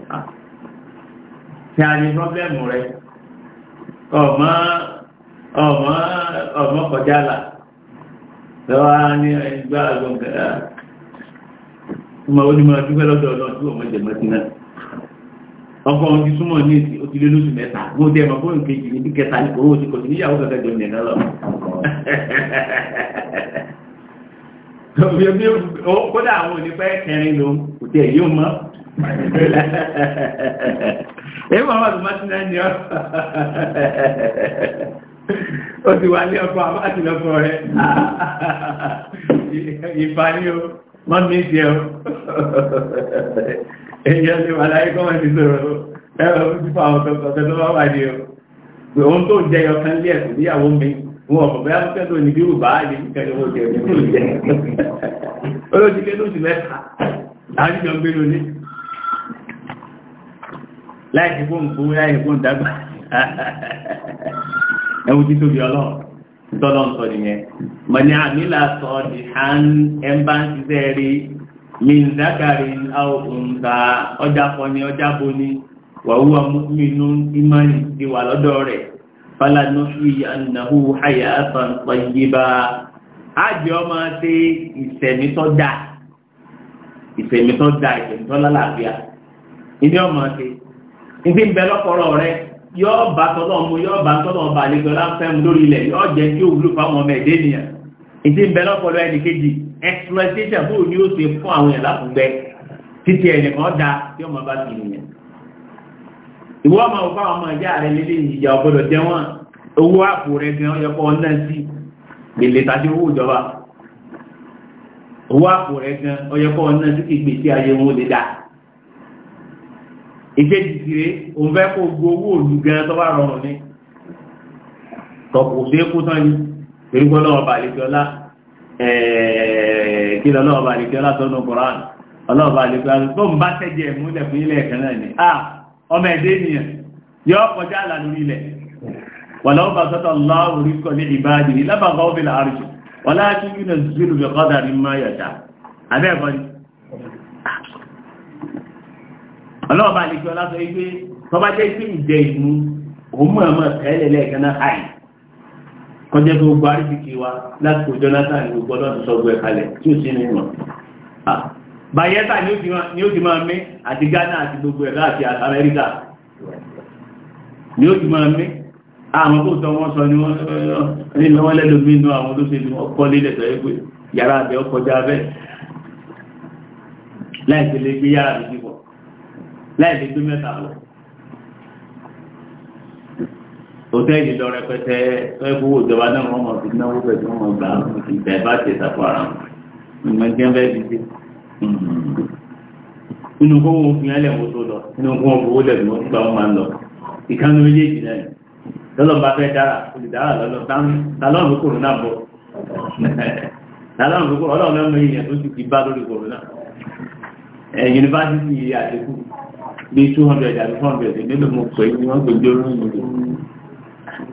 ṣe a ní pọ́blẹ́mù rẹ ọmọ ọmọ ọmọ kọjá là lọ́wọ́ ní ẹgbẹ́ àgbọ̀ngàn mọ̀ ó ní mọ̀ ọdún fẹ́ lọ́dọ̀ ọdún ọdún ọmọ ìjẹ̀mọ́sí náà ọkọ wọn ti súnmọ́ ní òtílé lóṣù mẹ́ta wọ́n tẹ́ ẹ̀mọ́ fóònù kejì ní kẹta ní owó ti kọ̀tí níyàwó kẹta jọ nìyẹn lọ. kódà àwọn onífẹ́ kẹrin ló kò tẹ̀ yóò mọ́. èyí wọn wà tó má ti náà ní ọ. ó ti wà ní ọkọ àbá àti lọkọ rẹ ìfani o mọ́mí jẹ o èyàn ti wà láyé kọ́mọ̀ ti sọ̀rọ̀ ẹ̀rọ fífà ọ̀tọ̀ọ̀tọ̀ tó bá wà ní o pé ohun tó jẹyọ kan lé ẹ̀kọ́ níyàwó mi wọn ọ̀pọ̀ bẹ́ẹ̀ mú kẹ́tọ̀ ní bírù bá àdé kẹ́tọ̀ owó jẹ ní kúrò jẹ olóṣìlẹ̀ lóṣù mẹ́ta láàrín ọgbẹ́ lóní láì fi fóun fún láì fi fóun dàgbà ẹwù min zakarin aw unsa ọjà fọ́ni ọjà boni wàhúwà múmínú imani ti wà lọ́dọ̀ rẹ̀ fálànà fi annahu hayatan tayyiba ájẹ́ ọmọ tí ìsẹ̀mítọ́ dá ìsẹ̀mítọ́ dá lálàáfíà ilé ọmọ tí ibi ń bẹ lọ́pọ̀rọ̀ bá tọ́lọ́ bá tọ́lọ́ ọmọ ẹ̀dẹ́ ìdí ń bẹ ẹnì exploitation bó ní ó ṣe fún àwọn èèyàn láfùgbẹ títí ẹnìkan da tí ọmọ bá ti rìn yẹn ìwọ ọmọ òkú àwọn ọmọ ìyá rẹ lélẹ ìyà ọgbọdọ jẹ wọn owó àpò rẹ gan ọyọ kọ ọdún náà sí gbèlè tàbí owó ìjọba owó àpò rẹ gan ọyọ kọ ọdún náà sí kí gbèsè ayé wọn lè dá ìkejì sí rẹ òun fẹ́ kó gbogbo owó òlù gan tó bá rọrùn ní tọkùnfẹ́ kó tán ní torí gbọ́dọ̀ ọba àlejò ọlá Eh, kí lọ lọ́ọ̀bà àlèkè ọlátọ́nù koran ọlọ́ọ̀bà àlèkè ọlátọ́nù tó ń bá tẹ́jẹ̀ múlẹ̀ fún ilẹ̀ ẹ̀kan náà ni a ọmọ ẹ̀dẹ́ ènìyàn yọ kọjá àlà lórí ilẹ̀ sọ́tọ̀ kọ́ ní ìbáàdì ní wọ́n jẹ́ kí gbogbo àríkìkì wa láti kò Jonathan ní gbogbo ọlọ́dún sọ́gbọ́ ẹ̀kalẹ̀ tí ó sí ní ìmọ̀. bayeta ni ó ti máa mí àti Ghana àti gbogbo ẹ̀rọ àti Amẹ́ríkà ni ó ti máa mí àwọn tó tọ́ wọ́n sọ ni wọ́n lẹ́lò mí inú àwọn olóṣèlú ọkọ̀ lílẹ̀ sọ pé yàrá àbẹ̀ ọkọjá abẹ́ láìsí lè gbé yàrá mi síbọ̀ láìsí gbé mẹ́ta lọ hòtẹ́ẹ̀lì lọ rẹpẹtẹ ẹgbẹ́ owó ìjọba náà sí wọn gbà ìgbà bá ṣe hmm. inú kó wọn fi tó lọ inú kó wọn fowó wọn gbà wọn máa ń lọ ìkànnì méjèèjì náà dára olùdára ọmọ ìyẹn tó ti bá lórí yunifásitì àdékù bíi two hundred àti four hundred mo pè é ní wọ́n gbèjọ́ lórí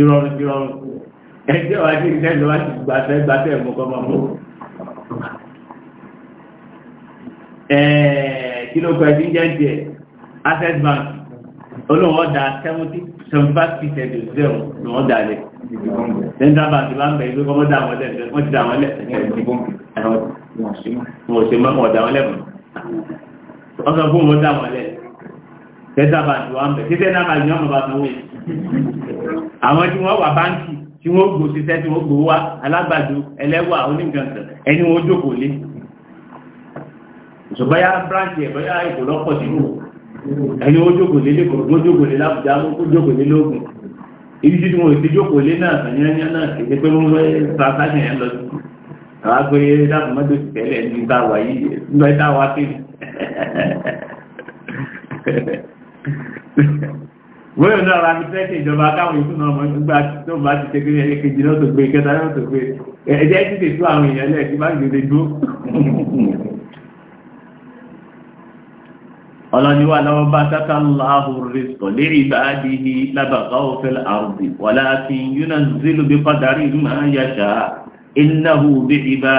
ìrọ̀rùn ìrọ̀rùn ẹjẹ́ wa ti ìṣẹ́ ìjọba ti gbàtẹ́ gbàtẹ́ mú kọ́ máa mú. kí ló kọ ẹbí ń jẹ́ tiẹ̀ access bank olóòwò ọ̀dà seventy seventy five percent of zero ni wọ́n dà lẹ̀ central bank bá ń bẹ̀ ìgbé kọ́mọ́ dà wọ́n lẹ̀ wọ́n ti dà wọ́n tẹ́sàbà tí wọ́n bẹ̀ títẹ́ náà bàjẹ́ ọmọ bá sanwó yìí àwọn tí wọ́n wà báńkì tí wọ́n gbò síṣẹ́ tí wọ́n gbò wá alágbàdo ẹlẹ́wà onígbàǹtàn ẹni wọ́n jókòó lé ìṣọ̀báyá bíráǹkì ẹ̀bọ́yá èkó lọ́pọ̀ sínú ẹni wọ́n jókòó lé lẹ́kọ̀ọ́ wọ́n jókòó lé lábùjá wọ́n jókòó lé lóògùn ibi tí wọ́n ti jókòó lé náà sànyẹ́nyẹ́ náà kéde pé wọ́n fẹ́ transaction yẹn lọ àwọn agbẹ́yẹ dáàbò mọ́tò tẹ́lẹ̀ ní ìta wà yìí nígbà ìta wọ́n náà ra ní fẹ́ẹ̀kì ìjọba káwọn ìtún náà nígbà tó bá ti tẹ́ kéré ẹ̀kejì náà tó gbé kẹta náà tó gbé ẹ̀jẹ̀ tí lè tú àwọn èèyàn lẹ́ẹ̀kí bá gbèrè dúró ọlọ́niwà lọ́wọ́ bá tátà láhùrì sọ lérí bá ní lábàkà òfin àrùbí wà láàfin yúnà zílù bí pàdárì máa ń yàṣà bí ibà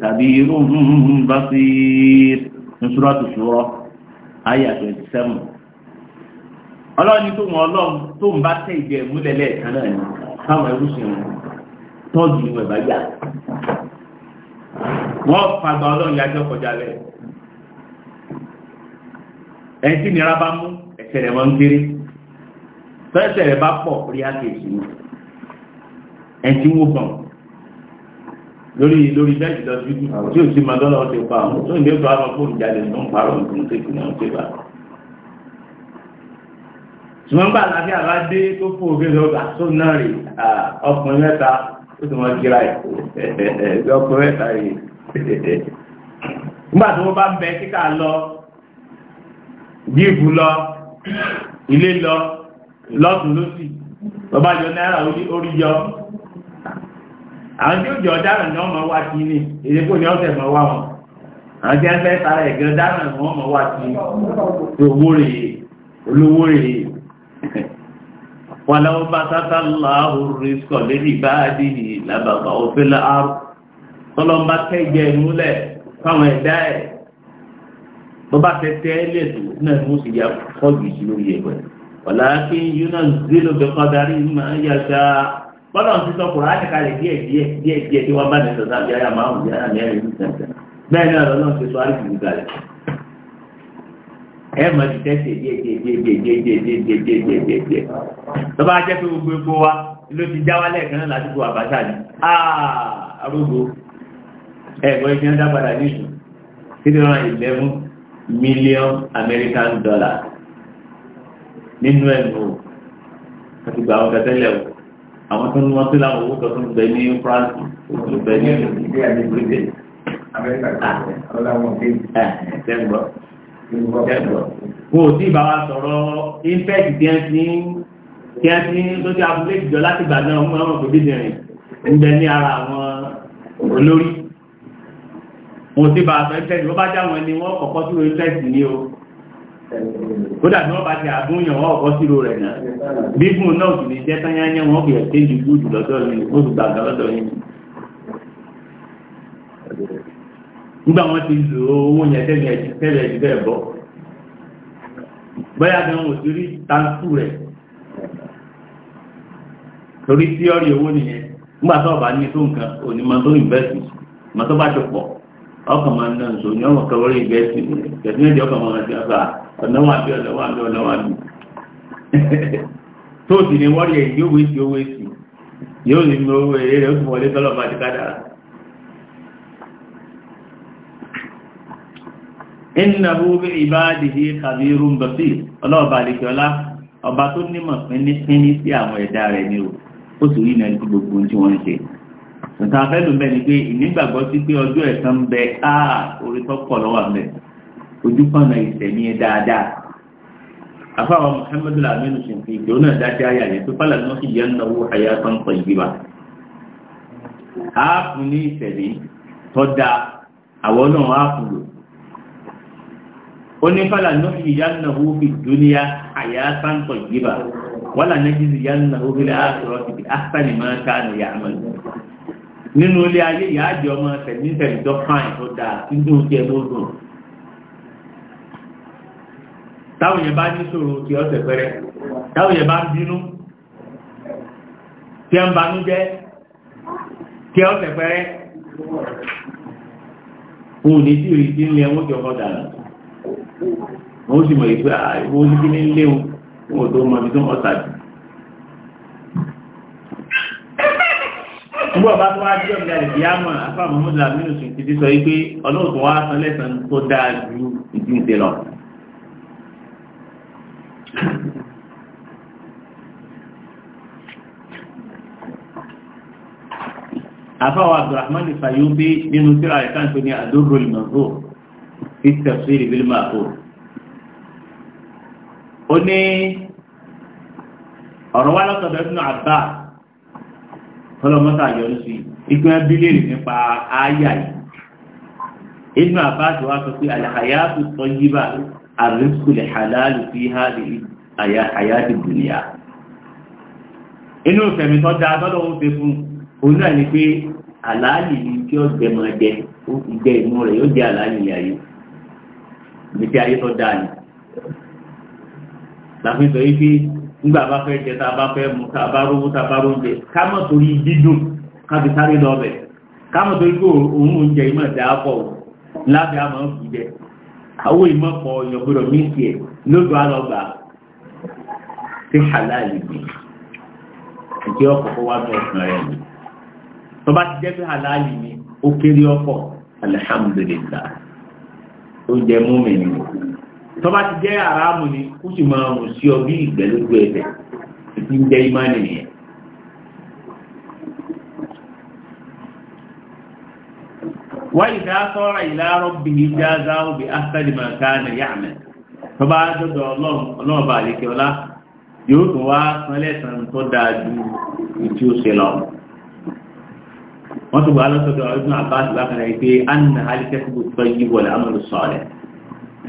tàbí irú bá sí nṣúra tó ayà 27 ọlọ́ni tó wọn ọlọ́run tó ń bá tẹ ìgbẹ́ múlẹ̀lẹ̀ kan náà ni káwọn ẹrú sí wọn tọ́jú ni wọn bá yà wọ́n fagbá ọlọ́run yájọ́ kọjá lẹ̀ ẹni tí nira bá mú ẹsẹ̀ rẹ̀ wọ́n ń kéré tọ́ẹ̀sẹ̀ rẹ̀ bá pọ̀ rí àkèjì ni ẹni tí wọ́n gbọ̀n lórí lórí bẹ́ẹ̀dì lọ sí ibi tí ò sí madọ́là ọ̀sẹ̀ pa àwọn tó ń gbé tó àwọn fóònù jáde ní ṣùgbọ́n bá láti àbá dé tó fún òfin lọ́gbà tó náà rí ọkùnrin mẹ́ta ó ti mọ́ kíra ẹ̀ ọkùnrin mẹ́ta rí nígbà tí wọ́n bá ń bẹ kíkà lọ jíìpù lọ ilé lọ lọ́tún lọ́sì bàbá jọ náírà orí jọ àwọn tí ó jọ ọ̀daràn ni wọ́n mọ̀ wá sí ní èdè kò ní ọ̀sẹ̀ mọ̀ wá wọn àwọn tí wọ́n fẹ́ sára ẹ̀gẹ́ ọ̀daràn ni wọ́n mọ̀ wá sí owó rèé olówó rèé wàláwọ́ bá sátá láàrùn rìsọ̀ lédì bá dìdì lábàbà òfin láàrùn tọ́lọ́mbà kẹ́jẹ ìmúlẹ̀ fáwọn ẹ̀dá ẹ̀ tó bá fẹ́ tẹ́ lè tó náà mú sí ya fọ́jú sí lórí ẹ̀pẹ́ wàlá kí yúnà zílò bẹ kọ́darí máa yà sá bọ́dọ̀ sí sọ kùrọ̀ áti kalẹ̀ díẹ̀ díẹ̀ díẹ̀ díẹ̀ tí wọ́n bá ní sọ̀tà bí ayà máa ń wù yàrá mẹ́rin ní sẹ̀ńtẹ̀ bẹ́ẹ̀ náà lọ́nà ti sọ ẹ mọ̀ ti tẹ́sẹ̀ díẹ̀ díẹ̀ díẹ̀ díẹ̀ díẹ̀ díẹ̀ díẹ̀ díẹ̀ díẹ̀ díẹ̀ díẹ̀ díẹ̀ tó bá jẹ́ pé gbogbo epo wa ló ti já wálẹ̀ kan náà lásìkò àbáṣà ni arógo ẹ̀gbọ́n iṣẹ́ ń dápadà níṣù three hundred eleven million American dollars nínú ẹ̀nu o àti gba àwọn kẹtẹ́lẹ̀ o àwọn tó ń wọ́n tó láwọn owó kan tó ń bẹ ní France tó ń bẹ ní Britain. Wọ́n ò tí bá wa sọ̀rọ̀ INPEC tí ẹ ti ń tí ẹ ti ń tó ti abúlé ìjọ láti gbà náà mú àwọn òbí dìrín ń bẹ ní ara àwọn olórí. Wọ́n tí bá sọ INPEC wọ́n bá já wọn ni wọ́n kọ̀kọ́ sí INPEC ní o. Kódà tí wọ́n bá ti àgúnyàn wọ́n kọ̀kọ́ sí rẹ̀ náà. Bíbùn náà sì ní jẹ́ tányányá wọn kì í ṣe jù lọ́dọ̀ yìí, ó sì gbàgbà lọ́dọ̀ yìí. ngba wọn ti lò owó yẹn tẹ́lẹ̀ ẹ̀jì tẹ́lẹ̀ ẹ̀jì bẹ́ẹ̀ bọ́ bóyá gan wò rí torí owó nìyẹn nígbà tó ọba ní tó nǹkan tó ìbẹ́sì tó bá ọkàn máa ń dán nìṣó ní ọmọ ìbẹ́sì ọkàn máa ti ọ̀nà wà bí ọ̀nà wà bí ọ̀nà wà bí tó ní wọ́ọ̀rì ẹ̀ yóò wé sí owó èsì yóò ní owó èrè innahu bi ibadihi khabirun basir ọlọ́ọ̀bà àdìkọ́lá ọba tó nímọ̀ pínní pínní sí àwọn ẹ̀dá rẹ̀ ni o ó sì rí ìnáyí gbogbo tí wọ́n ń ṣe tòtá afẹ́lú bẹ́ẹ̀ ni pé ìnígbàgbọ́ sí pé ọjọ́ ẹ̀san bẹ á orí tọ́pọ̀ lọ́wọ́ àmì ojú pọ̀nà ìṣẹ̀mí dáadáa afáwa muhammadu laminu ṣèǹfì ìjọ náà dájá ayà yẹn tó fálà náà sì yẹn náwó hayatan tayyiba á fún ní ìṣẹ̀mí tọ́da àwọn náà á fún lò onífàlà náà ìyánnàwó fi dúníyà àyàsántọ̀ yíba wọ́là nẹ́jìzì yánnàwó fi lè áṣọ́rọ̀ ti bí áṣánì máa ká ní yàmàlú nínú ilé ayé ìyáàjì ọmọ tẹ̀mítẹ̀mí tó fáìn tó dáa nínú ti ẹgbẹ́ ogun táwọn yẹn bá ní ṣòro ti ọ̀sẹ̀ pẹ́rẹ́ táwọn yẹn bá ń bínú tí ẹ ń banú jẹ́ tí ọ̀sẹ̀ pẹ́rẹ́ òun ní sí ìrìsí ńlẹ̀ wọ́n jọ kọ́ dànù wọ́n sì mọ̀ ìpé àìwọ́ ah, sí kí ní léwu fún ọ̀dọ́ ọmọ ibi tó wọ́n tàbí nígbà bá tó wá jẹ́ ọ̀gá ìdí àmọ́ afá mahmoud lamínú sì ti sọ wípé ọlọ́ọ̀tún wá san lẹ́sàn tó dáa ju ìdí ìdè lọ. afáwọ̀ abdulrahman fayó pé nínú síra rẹ̀ ní àdógó ìmọ̀gbọ́n ìtẹ̀síri bí máa tó. ó ní ọ̀rọ̀ wá lọ́sọ̀dọ̀ ẹ̀sùn àbá tọ́lọ́mọ́sà yọrí sí ìpín bílíọ̀nù nípa ááyà yìí. inú àbá ti wá sọ pé àyà tó tọ́ yí bá àrísùlẹ̀ halálù fi há lè àyà ti dùnìyà. inú ìfẹ̀mí tó dáa tọ́lọ́ ń fi fún òun náà ni pé àlàálì ni tí ó gbẹmọ jẹ ìmú rẹ̀ yóò jẹ àlàálì ayé ìgbésí ayé tó dáa ni láfi sọ yìí pé nígbà bá fẹ́ jẹ tá a bá fẹ́ mu tá a bá rówó tá a bá róúnjẹ ká mọ̀ torí dídùn ká fi sáré lọ bẹ̀ ká mọ̀ torí pé òun oúnjẹ yìí mọ̀ dáa pọ̀ láti àmọ́ fi jẹ àwọn ìmọ̀ pọ̀ yọ̀gbọ̀dọ̀ mí tiẹ̀ lójú àlọ́gbà sí halali bi ìjẹ́ ọ̀pọ̀pọ̀ wá bọ̀ ọ̀sán rẹ̀ ni tó bá ti jẹ́ pé halali ni ó kéré ọ̀pọ̀ alihamudulilayi ó jẹ múmi ni tọ́ba ti jẹ́ aráàmù ni kó sì máa mú sí ọ bí ìgbẹ́lógún ẹ̀bẹ̀ ti ń jẹ́ ìmánì nìyẹn. wáyé dá sọ́ra ìlàrọ̀ bìí jáza obì ásítàdìmọ̀ káàna yàmẹ̀ tọ́ba dọ́dọ̀ ọlọ́ọ̀bà àlekẹ́ ọlá yóò tún wá sanlẹ̀ sàn tó dáa ju ìtí ó ṣe wọ́n tún wà lọ́sọ̀dọ̀ ọdún àbáàdì bákan náà pé anna alikẹ́kọ̀ọ́ tó yí wọlé amọ̀lù sọ̀rẹ̀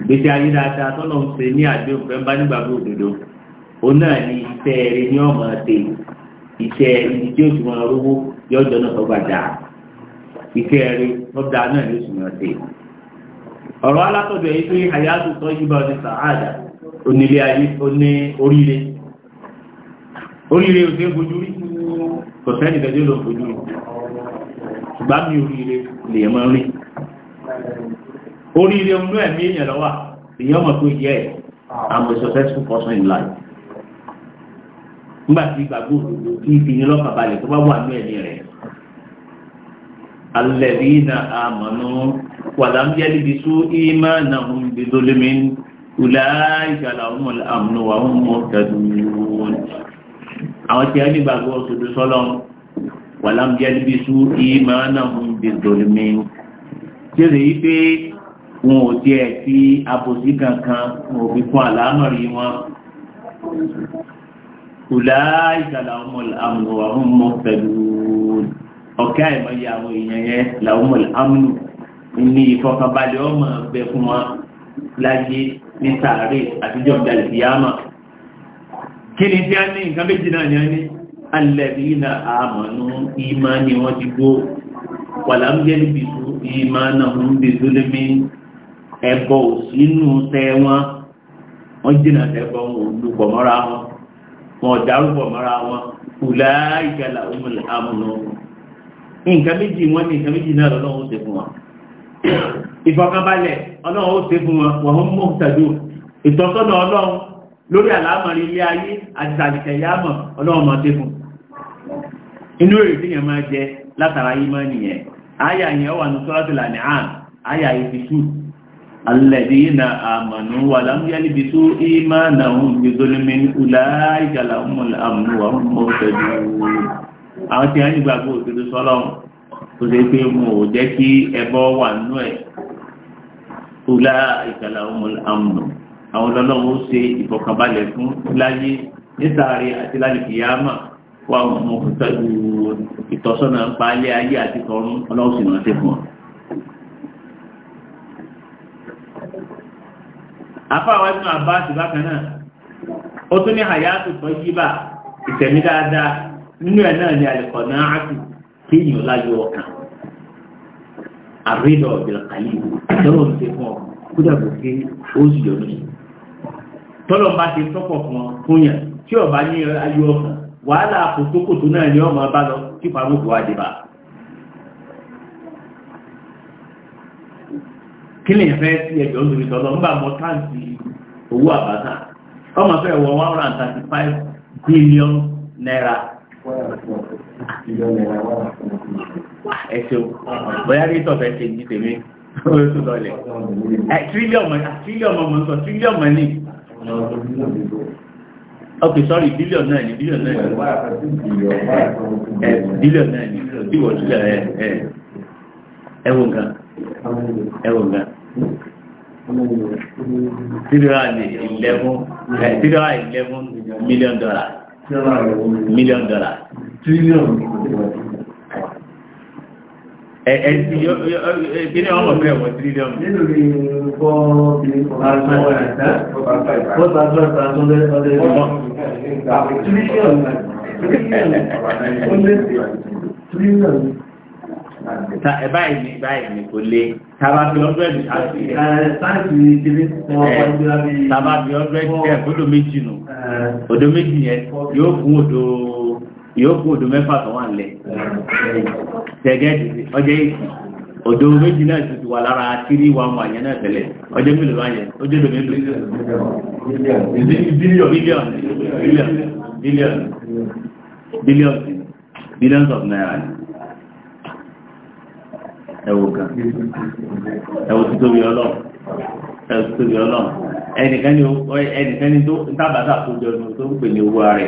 gbèsè ayé dáadáa tọ́lọ̀ ń ṣe ní àdéhùn fẹ́ bá nígbàgbọ́ òdodo òun náà ní iṣẹ́ rẹ ní ọmọ ṣe iṣẹ́ ibi tí ó ti wọn rówó yọjọ náà tọ́gbà dáa iṣẹ́ rẹ tọ́gbà náà ní oṣù náà ṣe ọ̀rọ̀ alátọ̀dọ̀ yìí pé àyáàtò tó yí bá ọdún sàáàdà onílé ayé oní oríire oríire ò ìgbà mi oríire lè mọ́ rí oríire ọmọ ẹ̀mí èèyàn lọ́wà èèyàn mọ̀ tó yẹ I'm a successful person in life nígbà tí ìgbàgbọ́ òdodo kí ìfini lọ́kàn balẹ̀ tó bá wà ní ẹ̀mí rẹ̀ alladhina amanu walam yalbisu imanahum bidhulmin ulaika lahumul amnu wa hum muhtadun àwọn tí a ní ìgbàgbọ́ òdodo sọ́lọ́run wàlám jẹ́líbísú ìmánàhùn bìdòlùmí jẹ́rẹ̀ yí pé wọn ò tiẹ̀ fi àbòsí kankan wọn ò fi kún àlámọ̀rí wọn kùlá ìkàlà ọmọ àmù àwọn ọmọ pẹ̀lú ọ̀kẹ́ àìmọye àwọn èèyàn yẹn làwọn àmù ní ìfọkànbalẹ̀ ọmọ ọgbẹ fún wọn láyé ní sàárè àtijọ́ ìdàlẹ̀ ìyá mọ̀ kí ni tí a ní nǹkan méjì náà ni a alẹ́bíínà àmọ́nú ìmọ̀ ni wọ́n ti gbó wàlámjẹ́ níbi tó ìmọ̀ náà ń bí zulmi ẹ̀bọ̀ òsínú tẹ́ wọ́n jìnà tẹ́bọ̀ wọn olùpọ̀ mọ́ra wọn wọn mọ́ra wọn kùlá nǹkan méjì wọ́n ní nǹkan méjì náà lọ́wọ́ ó ṣe fún wọn ìfọ̀kànbalẹ̀ ọlọ́run ó ṣe fún wọn wọ́n mú tàdó ìtọ́sọ́nà ọlọ́run lórí ilé ayé àti àdìkẹ̀yàmọ̀ ọlọ́run máa ṣe fún inú èrè tí yẹn máa jẹ látara yìí máa nìyẹn àyà yẹn wà ní suratul An'am àyà yìí fi tú alladhina amanu wa lam yalbisu imanahum bi zulmin ulaika lahumul amnu wa hum muhtadun àwọn tí wọ́n nígbàgbọ́ òṣèlú sọ́lọ́run tó ṣe pé mo ò jẹ́ kí ẹbọ wà nínú ẹ̀ ula ìkàlà ọmọlẹ àmọ àwọn ọlọ́lọ́run ó ṣe ìfọkànbalẹ̀ fún láyé nítàrí àti lálẹ́ kìyàmà wà wọn mọ pẹ̀lú ìtọ́sọ́nà balẹ̀ ayé àti kọrún ọlọ́run sì rántí fún ọ. afáwa inú àbá àtìbá kan náà ó tún ní àyàtò tó yí bá ìtẹ̀mí dáadáa nínú ẹ̀ náà ni àlẹ́kọ̀ náà á kù kí èèyàn láyọ̀ ọkàn àrídọ̀ ọ̀bẹ̀rẹ̀ kàyí tọ́lọ̀ ń ṣe fún ọ kódà kò ké ó sì yọ̀ lóṣù tọ́lọ̀ ń bá ṣe tọ́pọ̀ fún ọ fún yàn tí ọba ní ayọ̀ ọkàn wàhálà kòtókòtó náà ni ọmọ bá lọ kí farouk wá dé bá kí lè fẹ́ sí ẹjọ́ lórí tọ́lọ ń bá mọ táǹtì owó àbáta ọmọ fẹ́ wọ one hundred and thirty five billion naira ẹ̀ṣẹ̀ bóyá rí tọ̀fẹ́ ṣe ní tèmi oṣù lọlẹ̀ tírílíọ̀mù ní ok sorry billion náà ni billion náà ni billion eh, náà ni bí wọ́n ti eh, eh. ẹ ẹ gan ẹwọ̀n gan tíríra ní eleven tíríra eleven million dollars million dollars trillion ẹ̀ẹ́sì ìpínlẹ̀ ọmọ bẹ́ẹ̀ wọ̀ tírílíọ̀nù. nínú ìgbọ́ Báyìí ni báyìí ni kò lè tàbá fi ọ́dúrẹ́dì àti sáàtì ìdílé tàbá fi ọ́dúrẹ́dì tẹ́ òdó méjì nù òdó méjì yẹn yóò fún òdó mẹ́fà tó wà nílẹ̀. tẹ̀gẹ́dì ọjọ́ èsì òdò méjì náà ti wà lára tírí wa wà yẹn náà tẹ̀lẹ̀ ọjọ́ mélòó wá ọjọ́ èdè mélòó billions of naira ẹwọ kan ẹwọ tí tóbi ọlọ́ ẹwọ tí tóbi ọlọ́ ẹnìkan ni tó tábàtà kó jọ ní tó ń ní owó ara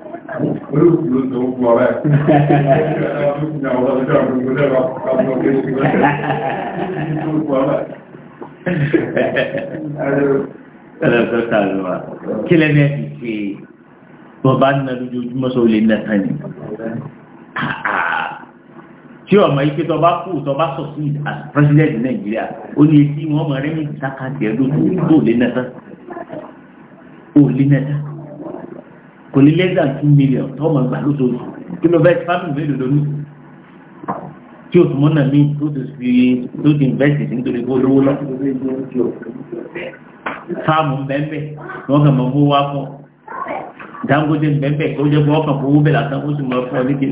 Ẹlẹ́fẹ́ kàlùwà. Kí lẹ́nẹ́ ti ṣe bọ̀bá nínú lójoojúmọ́ sọ lè nẹ́ta ni? Tí ọmọ ike tọba kú tọba sọ sí as president Nàìjíríà, ó ní etí wọn mọ̀ rẹ́mí ìsákàtì ẹ̀dọ́ tó lè nẹ́ta. Ó lè nẹ́ta kò ní lẹ́sà two million tó ọmọ gbà lóṣooṣù kí ló fẹ́ fámìlì mélòó tí o túmọ̀ náà míì tó ti fi tó ti invest nítorí kó lówó lọ. fáàmù bẹ́ẹ̀ wọ́n kàn mọ́ fún wa fún Dangote bẹ́ẹ̀ kó jẹ́ fún ọkàn fowó bẹ́ẹ̀ lásán ó sì mọ fún ọ ní kí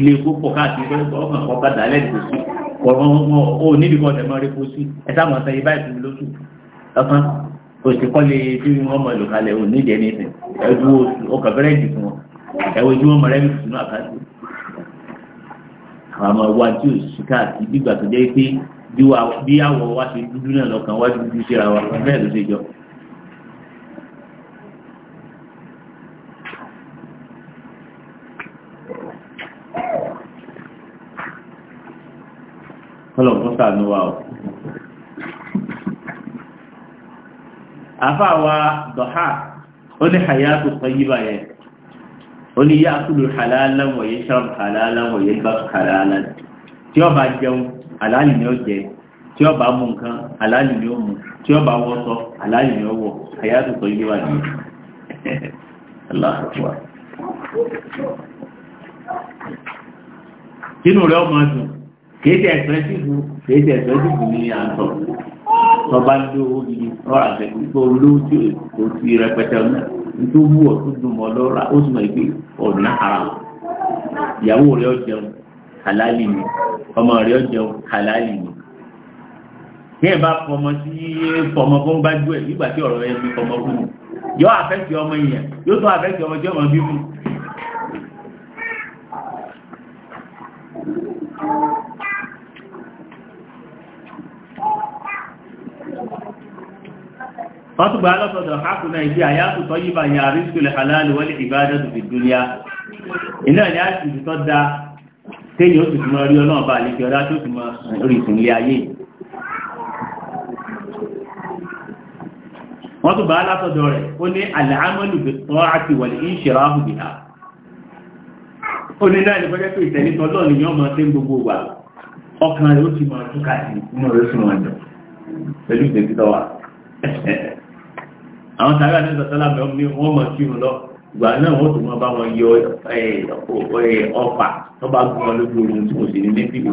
ilé epo pọ̀ káàkiri pé ọkàn kọ́ kàdá lẹ́nu kò sí ọ̀rọ̀ ò níbi kan ọ̀dẹ̀ mọ́ rí kó sí ẹ̀ sáà mọ̀ sẹ́yìn báyìí fún mi òsìkọ́lé tí wọ́n mọ̀ lòkalẹ̀ ò nídìí ẹni sìn ẹ̀dú ọkọ̀ bẹ́rẹ̀ dì fún wọn ẹ̀wọ̀n tí wọ́n mọ̀ rẹ́mi sínú àkáǹtì. àwọn ọmọ wa tí ò sí káàkiri dìgbà tó jẹ́ pé bí àwọ̀ wa ṣe dúdú náà lọ́kàn wá dúdú síra wa bẹ́ẹ̀ ló ṣe jọ. kọ́lọ̀ fún sàánú wa o. àfáàwà dọ̀há ó ní hayatu tayyiba yẹn ó ní yakulu halalan wa yashrab halalan wa yalbasu halalan tí ó bá jẹun halali ni ó jẹ tí ó bá mú nǹkan halali ni ó mú tí ó bá wọṣọ halali ni ó wọ̀ hayatu tayyiba yẹn kínú rẹ̀ ọmọ dùn kéde ẹ̀sẹ̀ síbu kéde ẹ̀sẹ̀ síbu ní àtọ̀ tọ́ba ń lé owó gidi rọ́ra lẹ́gbẹ̀ẹ́ gbọ́ olówó tí o ti rẹpẹtẹ ọ̀nà nítorí wú ọ̀ tó dùn mọ́ lọ́ra ó sì mọ̀ pé ọ̀nà ara wọn. ìyàwó rẹ̀ ọ jẹun halali ni ọmọ rẹ̀ ọ jẹun halali ni. bí ẹ bá fọmọ sí fọmọ fún gbájú ẹ nígbà tí ọ̀rọ̀ ẹ fi fọmọ fún mi yọ àfẹ́sì ọmọ yẹn yóò tún àfẹ́sì ọmọ tí ọmọ bí fún. wọ́n gba alọ́sọ̀dọ̀ hákùnà ìdí àyàtò tó yíba ya ríṣkùlẹ̀ halálù wọlé ìbádọ́dù fi dúnyá iná ni a ti fi tọ́ da téyìn ó sì fi mọ́ rí ọlọ́run bá àlejò ọ̀dá tó sì mọ́ orí ìsìnlẹ̀ ayé wọ́n tún bá alọ́sọ̀dọ̀ rẹ̀ ó ní àlàámọ́lù tó àti wọlé ìṣẹ̀rọ ahùbìhà ó ti mọ̀ ọdún káàkiri inú rẹ̀ sì mọ̀ ọdún pẹ̀lú ìgbésí tọ́wà àwọn sáré àti ìsọ̀tọ́lá bẹ̀rù ní wọ́n mọ̀ kírun lọ ìgbà náà wọ́n tún mọ́ bá wọn yọ ọfà tó bá gún wọn lójú oorun tí mo sì ní lébìlì.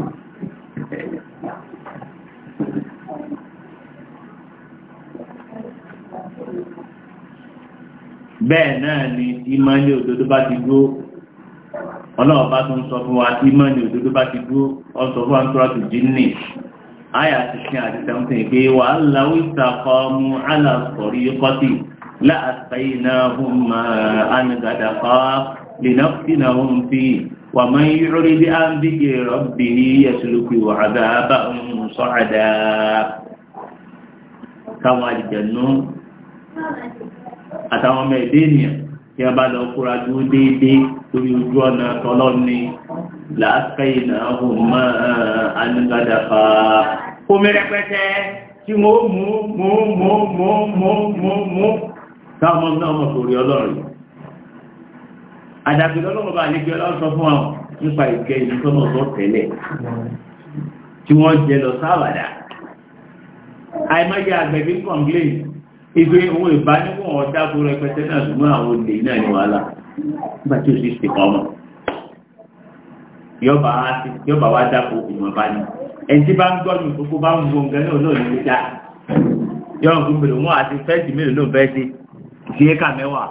bẹ́ẹ̀ náà ni ìmọ̀lẹ́ òdodo bá ti dúró ọlọ́ọ̀bá tó ń sọ fún wa ìmọ̀lẹ́ òdodo bá ti dúró ọ̀sọ̀ fún wa ń tọ́ra tó dín ní àyà ti ṣe àti sẹ́mtìn pé wà á láwí ìtàkọ́ mú aláàkọ̀rí kọ́tì láàtàyè náà hùn máa ánìgàdàkọ́ lè náà fi náà hùn fi wà máa ń yọrí bí á ń bí gèrò bí yẹsùlùkù àbá bá ń sọ́ọ̀dà káwọn àjẹjẹ̀nú àtàwọn ọmọ ẹ̀dẹ́ ènìyàn tí a bá lọ kóra dúró déédéé lórí ojú ọ̀nà tọ́lọ́ ni láàtàyè náà hùn máa ánìgàdàkọ́ omi rẹpẹtẹ tí mo mú mú mú mú mú mú mú táwọn náà mọ̀ sórí ọlọ́run àdàbí lọ́lọ́wọ́ bá lè fi ọlọ́run sọ fún wa nípa ìkẹ́ ìlú tọ́nà tó tẹ̀lé tí wọ́n jẹ lọ sáwàdà àìmọ́jẹ àgbẹ̀bí kọ̀ǹgléyìn ìgbé owó ìbániwọ̀n ọ̀dágbó rẹpẹtẹ náà ṣùgbọ́n àwọn olè náà ní wàhálà nígbà tí ó sì ṣe kọ́ ọmọ yọba wá dákò ìmọ̀ bá ní ẹ̀ntí bá ń gbọ́dùn gbogbo bá ń gbọ́ nǹkan náà náà lè dá yọ̀rùn àti fẹ́ẹ̀sì mélòó ló ń fẹ́ ṣe kíékà mẹ́wàá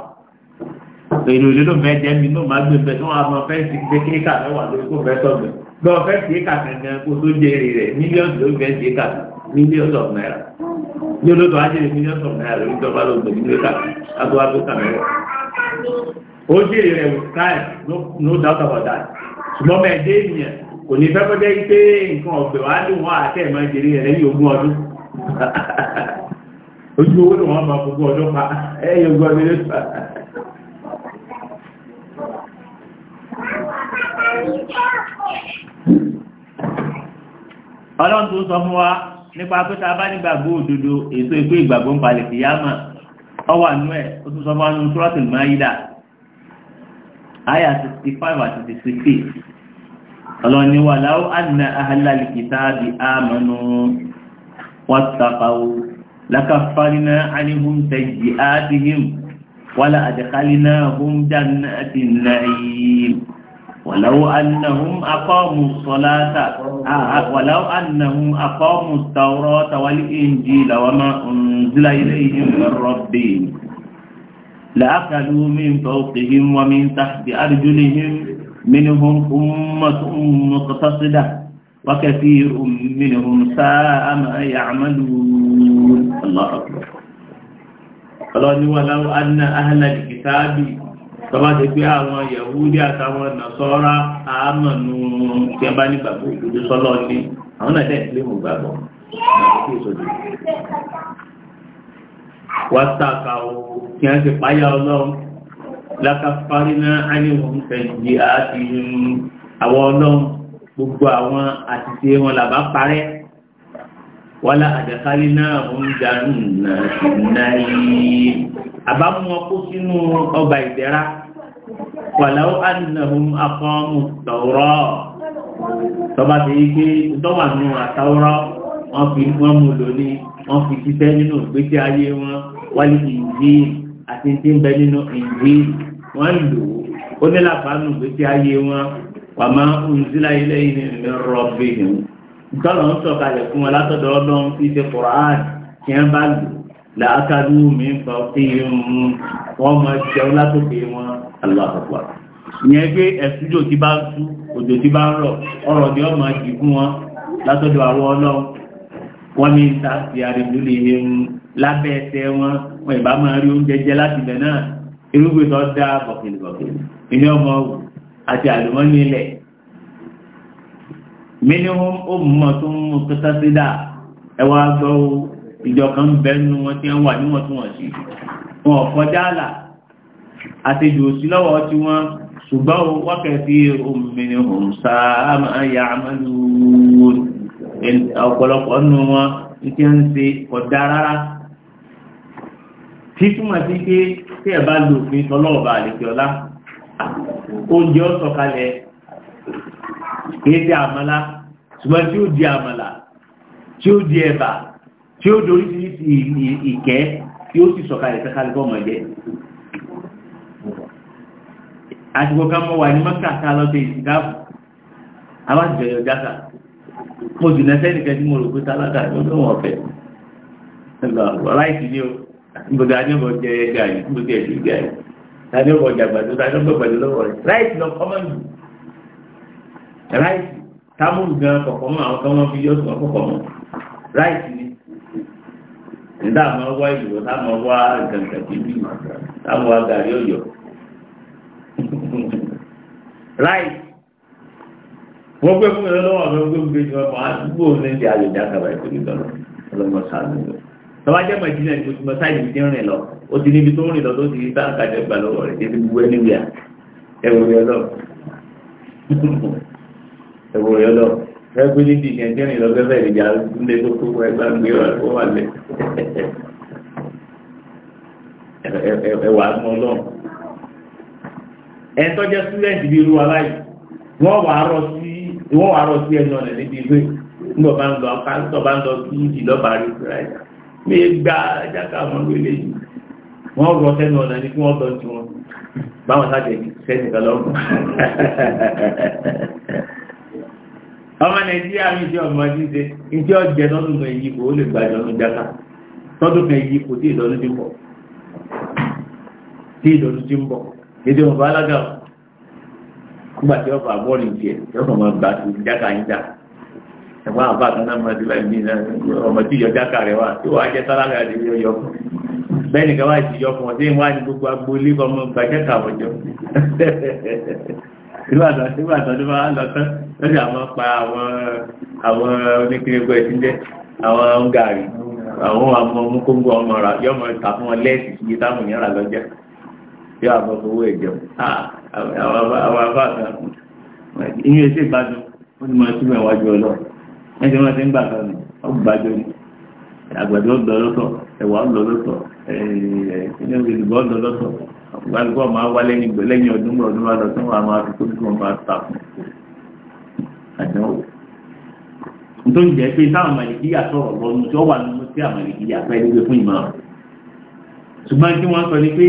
èrò ìlú ló ń mi náà má gbé bẹ́ẹ̀ tí wọ́n á mọ fẹ́ẹ̀sì ṣe mẹ́wàá lórí kó fẹ́ sọ̀gbẹ̀ gbọ́ tó jẹ èrè rẹ̀ mílíọ̀nù ló fẹ́ẹ̀sì kíékà mílíọ̀nù of naira ní olóòtú ajẹ́rẹ́ mílíọ̀nù no doubt about that ṣùgbọ́n bẹ́ẹ̀ dé ènìyàn kò ní fẹ́ kọjá pé nǹkan ọ̀gbẹ̀ wá ní wọ́n àti ẹ̀mọ́ ìjẹrí rẹ̀ lẹ́yìn ogún ọdún ojú owó ni wọ́n máa gbogbo ọdún pa ẹ̀yìn ogún ọdún lẹ́sùn ọlọ́run tó sọ fún wa nípa pé bá nígbàgbọ́ òdodo èso ìpé ìgbàgbọ́ ń palẹ̀ sí yámà ọwà nú ẹ̀ ó tún sọ fún wa nínú Suratul ọlọ́run ni walau anna ahlal kitabi amanu wattaqaw lakaffarna anhum sayyi'atihim wala adkhalnahum jannatin na'im walau annahum aqamus salata walau annahum aqamus tawrata wal injila wama unzila ilayhim min rabbihim لأكلوا من فوقهم ومن تحت أرجلهم منهم أمة مقتصدة وكثير منهم ساء ما يعملون الله أكبر ọlọ́ni wọ́n láwọ́ anna ahàlà ìkìtàbí tọba ti pé àwọn yahudi àtàwọn nasọ́ra àmọ̀nù tí a bá ní gbàgbọ́ òdodo sọ́lọ́ ní àwọn náà dẹ̀ sílé mọ̀ gbàgbọ́ wọ́n sàkà ò kí wọ́n ti páyà ọlọ́run lákàfàrí náà ánìwọ̀n fẹ̀yìí àti àwọn ọlọ́run gbogbo àwọn àtìsí wọn làbá parẹ́ wọ́lá àjẹ́kárí náà ń jarú náà àbámu ọkú sínú ọgbà ìdẹ́ra wàláwó ànàhùn akọ́mù tọ̀rọ̀ tọba ti yí pé tọ́wà nù àtàwọ́rọ́ wọ́n fi wọ́n mú lónìí wọ́n fi ṣiṣẹ́ nínú ìgbésí ayé wọn wálé ìdí àti tí ń bẹ nínú ìwé wọn lò ó ní làbánú gbèsè ayé wọn wà máa ń sílá ilé yìí ní rọ̀bì ni ìtọ́lọ̀ ń sọ̀kalẹ̀ fún wọn látọ̀dọ̀ ọlọ́run tí ṣe Kùránì kí wọ́n bá lò làákàdú mi ń bọ̀ sí wọn mọ jẹun látòkè wọn aláàbọ̀ ìyẹn pé ẹ̀sùjò tí bá ń sú òjò tí bá ń rọ̀ ọ̀rọ̀ ni ọmọ jì fún wọn látọ̀dọ̀ àwọn ọlọ́run wọ́n ní ta lábẹ́ ẹsẹ̀ wọn wọn ìbá máa rí oúnjẹ jẹ láti ibẹ̀ náà irúgbìn tó dá bọ̀kìlì bọ̀kìlì ilé ọmọ wù àti àlùmọ́nì ilẹ̀ mínírùn ó mọ̀ tó ń mú kẹta sí dà ẹ wá gbọ́ ìjọ kan bẹ́ẹ̀ nínú wọn tí wọ́n wà níwọ̀ntúnwọ̀nsì wọn ò kọjá àlà àtejò sí lọ́wọ́ tí wọ́n ṣùgbọ́n wákẹ̀ẹ́sí òmìnirin òun sáà máa yà àmàlù ọ̀pọ̀lọpọ̀ nínú wọn tí wọ́n ń ṣe kọjá rárá tí túmọ̀ sí pé tí ẹ̀ bá lo òfin tọlọ́ọ̀bà àlejò ọlá oúnjẹ ó sọ̀kalẹ̀ kìí di àmàlà ṣùgbọ́n tí ó di àmàlà tí ó di ẹ̀bà tí ó dorí sí ìkẹ́ tí ó sì sọ̀kalẹ̀ sọ̀kalẹ̀ fọ́mọ̀ jẹ́ àtìkò ká mọ́ wà ní mọ́kàtà lọ́tẹ̀ ìsìnkáàbù alájọyọ̀ játa mo dùn náà sẹ́nìkẹ́ tí mo rò pé tálákà ló ń wọ̀ fẹ́ láìsí ní o gbogbo adébọ̀ jẹ gàrí gbogbo ẹ̀dí gàrí adébọ̀ jàgbàdo adébọ̀ gbàdo lọ́wọ́ rẹ̀ ráìtì lọ kọ́mọ̀ nù ráìtì támúlù gan kọ̀kọ́ mọ́ àwọn kan wọ́n fi yọ̀sùn ọkọ̀kọ̀ mọ́ ráìtì ni nígbà máa wá ìlú táwọn wá gàǹgà bíbí táwọn wá gàrí ọ̀yọ́ ráìtì wọ́n gbé fún mi lọ́wọ́ àwọn gbé fún mi lọ́wọ́ ní ìdí àyè ìdá kàbáyé tó ọlọ́mọ tọ́wá jẹ́ mọ̀jìnà ìbò tí mo sáyé ti rìn lọ ó ti níbi tó rìn lọ tó ti rí táǹkà jẹ gbà lọ́wọ́ rẹ̀ débi gbogbo ẹni wíà ẹ̀wò rẹ̀ lọ ẹ̀wò rẹ̀ lọ ẹgbẹ́ ní ti ìyẹn jẹ́rìn lọ gẹ́gẹ́ ìjà ńlé tó kó ẹgbà gbé ọ wà lẹ̀ ẹwà mọ́ lọ́n ẹ̀tọ́ jẹ́ súrẹ́ǹtì bí irú wa láyìí wọ́n wàá rọ sí wọ́n wàá rọ sí ẹnu ọ̀nà níbi ìwé ńgbọ̀ bá ń bí i gba jákà àwọn olóòlè yìí wọ́n rọ sẹ́nu ọ̀nà ní kí wọ́n bọ̀ tí wọ́n báwọn sáàjẹ̀ sẹ́nu kan lọ́rùn ọmọ nàìjíríà mi ṣe ọmọ ọdún ṣe ìṣe ọjẹ́ lọ́dún kan èyí kò ó lè gba ìdọ́dún jákà lọ́dún kan èyí kò tí ìdọ́dún ti ń bọ̀ tí ìdọ́dún ti ń bọ̀ èdè ọ̀bá alága kúgbà tí ẹ̀gbọ́n àbá kan náà mọ̀tí láì ní ọmọ tí yọ jáka rẹ̀ wà tí ó wà jẹ́ sálára rẹ̀ yọ yọ fún bẹ́ẹ̀ nìkan wá ìṣìyọ fún ọdún wá ní gbogbo agboolé ọmọ gbajẹ́ka ọjọ́ ìgbàdàn tó bá lọ tán lọ́dẹ̀ àwọn pa àwọn oníkìrìgbọ́ ẹ̀sìn jẹ́ àwọn gàrí àwọn ọmọ mọ́kóngó ọmọ rà yọ ọmọ ìta fún wọn lẹ́ẹ̀sì iye táwọn èèyàn rà lọ́jà yọ àbọ̀ owó ẹ̀jọ̀ àwọn àbá kan ìyẹn ṣe wọ́n ti máa ẹ̀sìn wọn ti ń gbà kan ní ọgbàjọ ni àgbàdo ọ̀dọ́ ẹ̀wà ọ̀dọ́ lọ́tọ̀ ẹ̀ẹ́dẹ́gbẹ̀rún olùgbọ́ ọ̀dọ́ máa wá lẹ́yìn ọdún ọdún tí wọ́n máa fi kó máa ta fún jẹ́ pé táwọn màlìkíyà sọ̀rọ̀ lọ́nu tí wà nínú sí àmàlìkíyà fẹ́ fún ṣùgbọ́n wọ́n sọ ni pé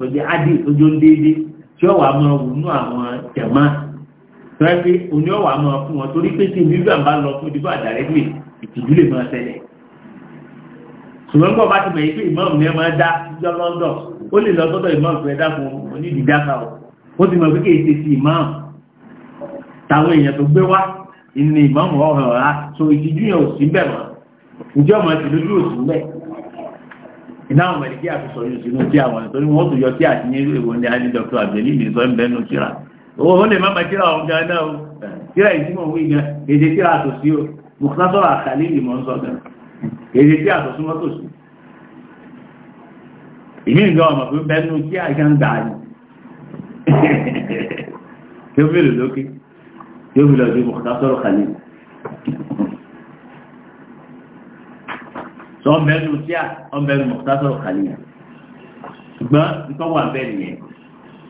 tó jẹ́ tó déédéé tí wà máa wù nú àwọn rẹ pé oní ọ̀wà máa fún wọn torí pé tí bíbí àbá lọ fún ìdìbò àdàrẹ́gbè ìtìjú lè máa ṣẹlẹ̀ ṣùgbọ́n bọ́ bá ti mọ̀ yí pé ìmọ̀ọ̀mù ni ẹ máa dá síjọ́ lọ́ńdọ̀ ó lè lọ sọ́dọ̀ ìmọ̀ọ̀mù fẹ́ dákun onídìídáka o ó ti mọ̀ pé kì í ṣe ti ìmọ̀ọ̀mù táwọn èèyàn tó gbé wá ìní ìmọ̀ọ̀mù ọ̀hún ọ̀rá so ìtìjú yẹn ò sí bẹ̀ mọ́ ìjọ ọmọ ti lójú ò sí bẹ̀ iná àwọn mẹ̀lẹ́kí àfisọ̀ yóò sínú tí àwọn ìtọ́jú wọn ó tún yọ sí àtìyẹ́ ìwọ̀n ní adé dr abdeli nìsọ́ ń bẹ́nu síra owó lè má bàjẹ́ àwọn ọ̀gá náà o kíra ìdímọ̀ owó ìgbà èdè kíra àtòsí o mùsùlùmí àkàlì ìmọ̀ ń sọ̀gá èdè kíra àtòsí mọ́ tòsí ìmí ìgbà ọmọ fún bẹnu kí àjá ń gbà ní kí ó fèrè lókè kí ó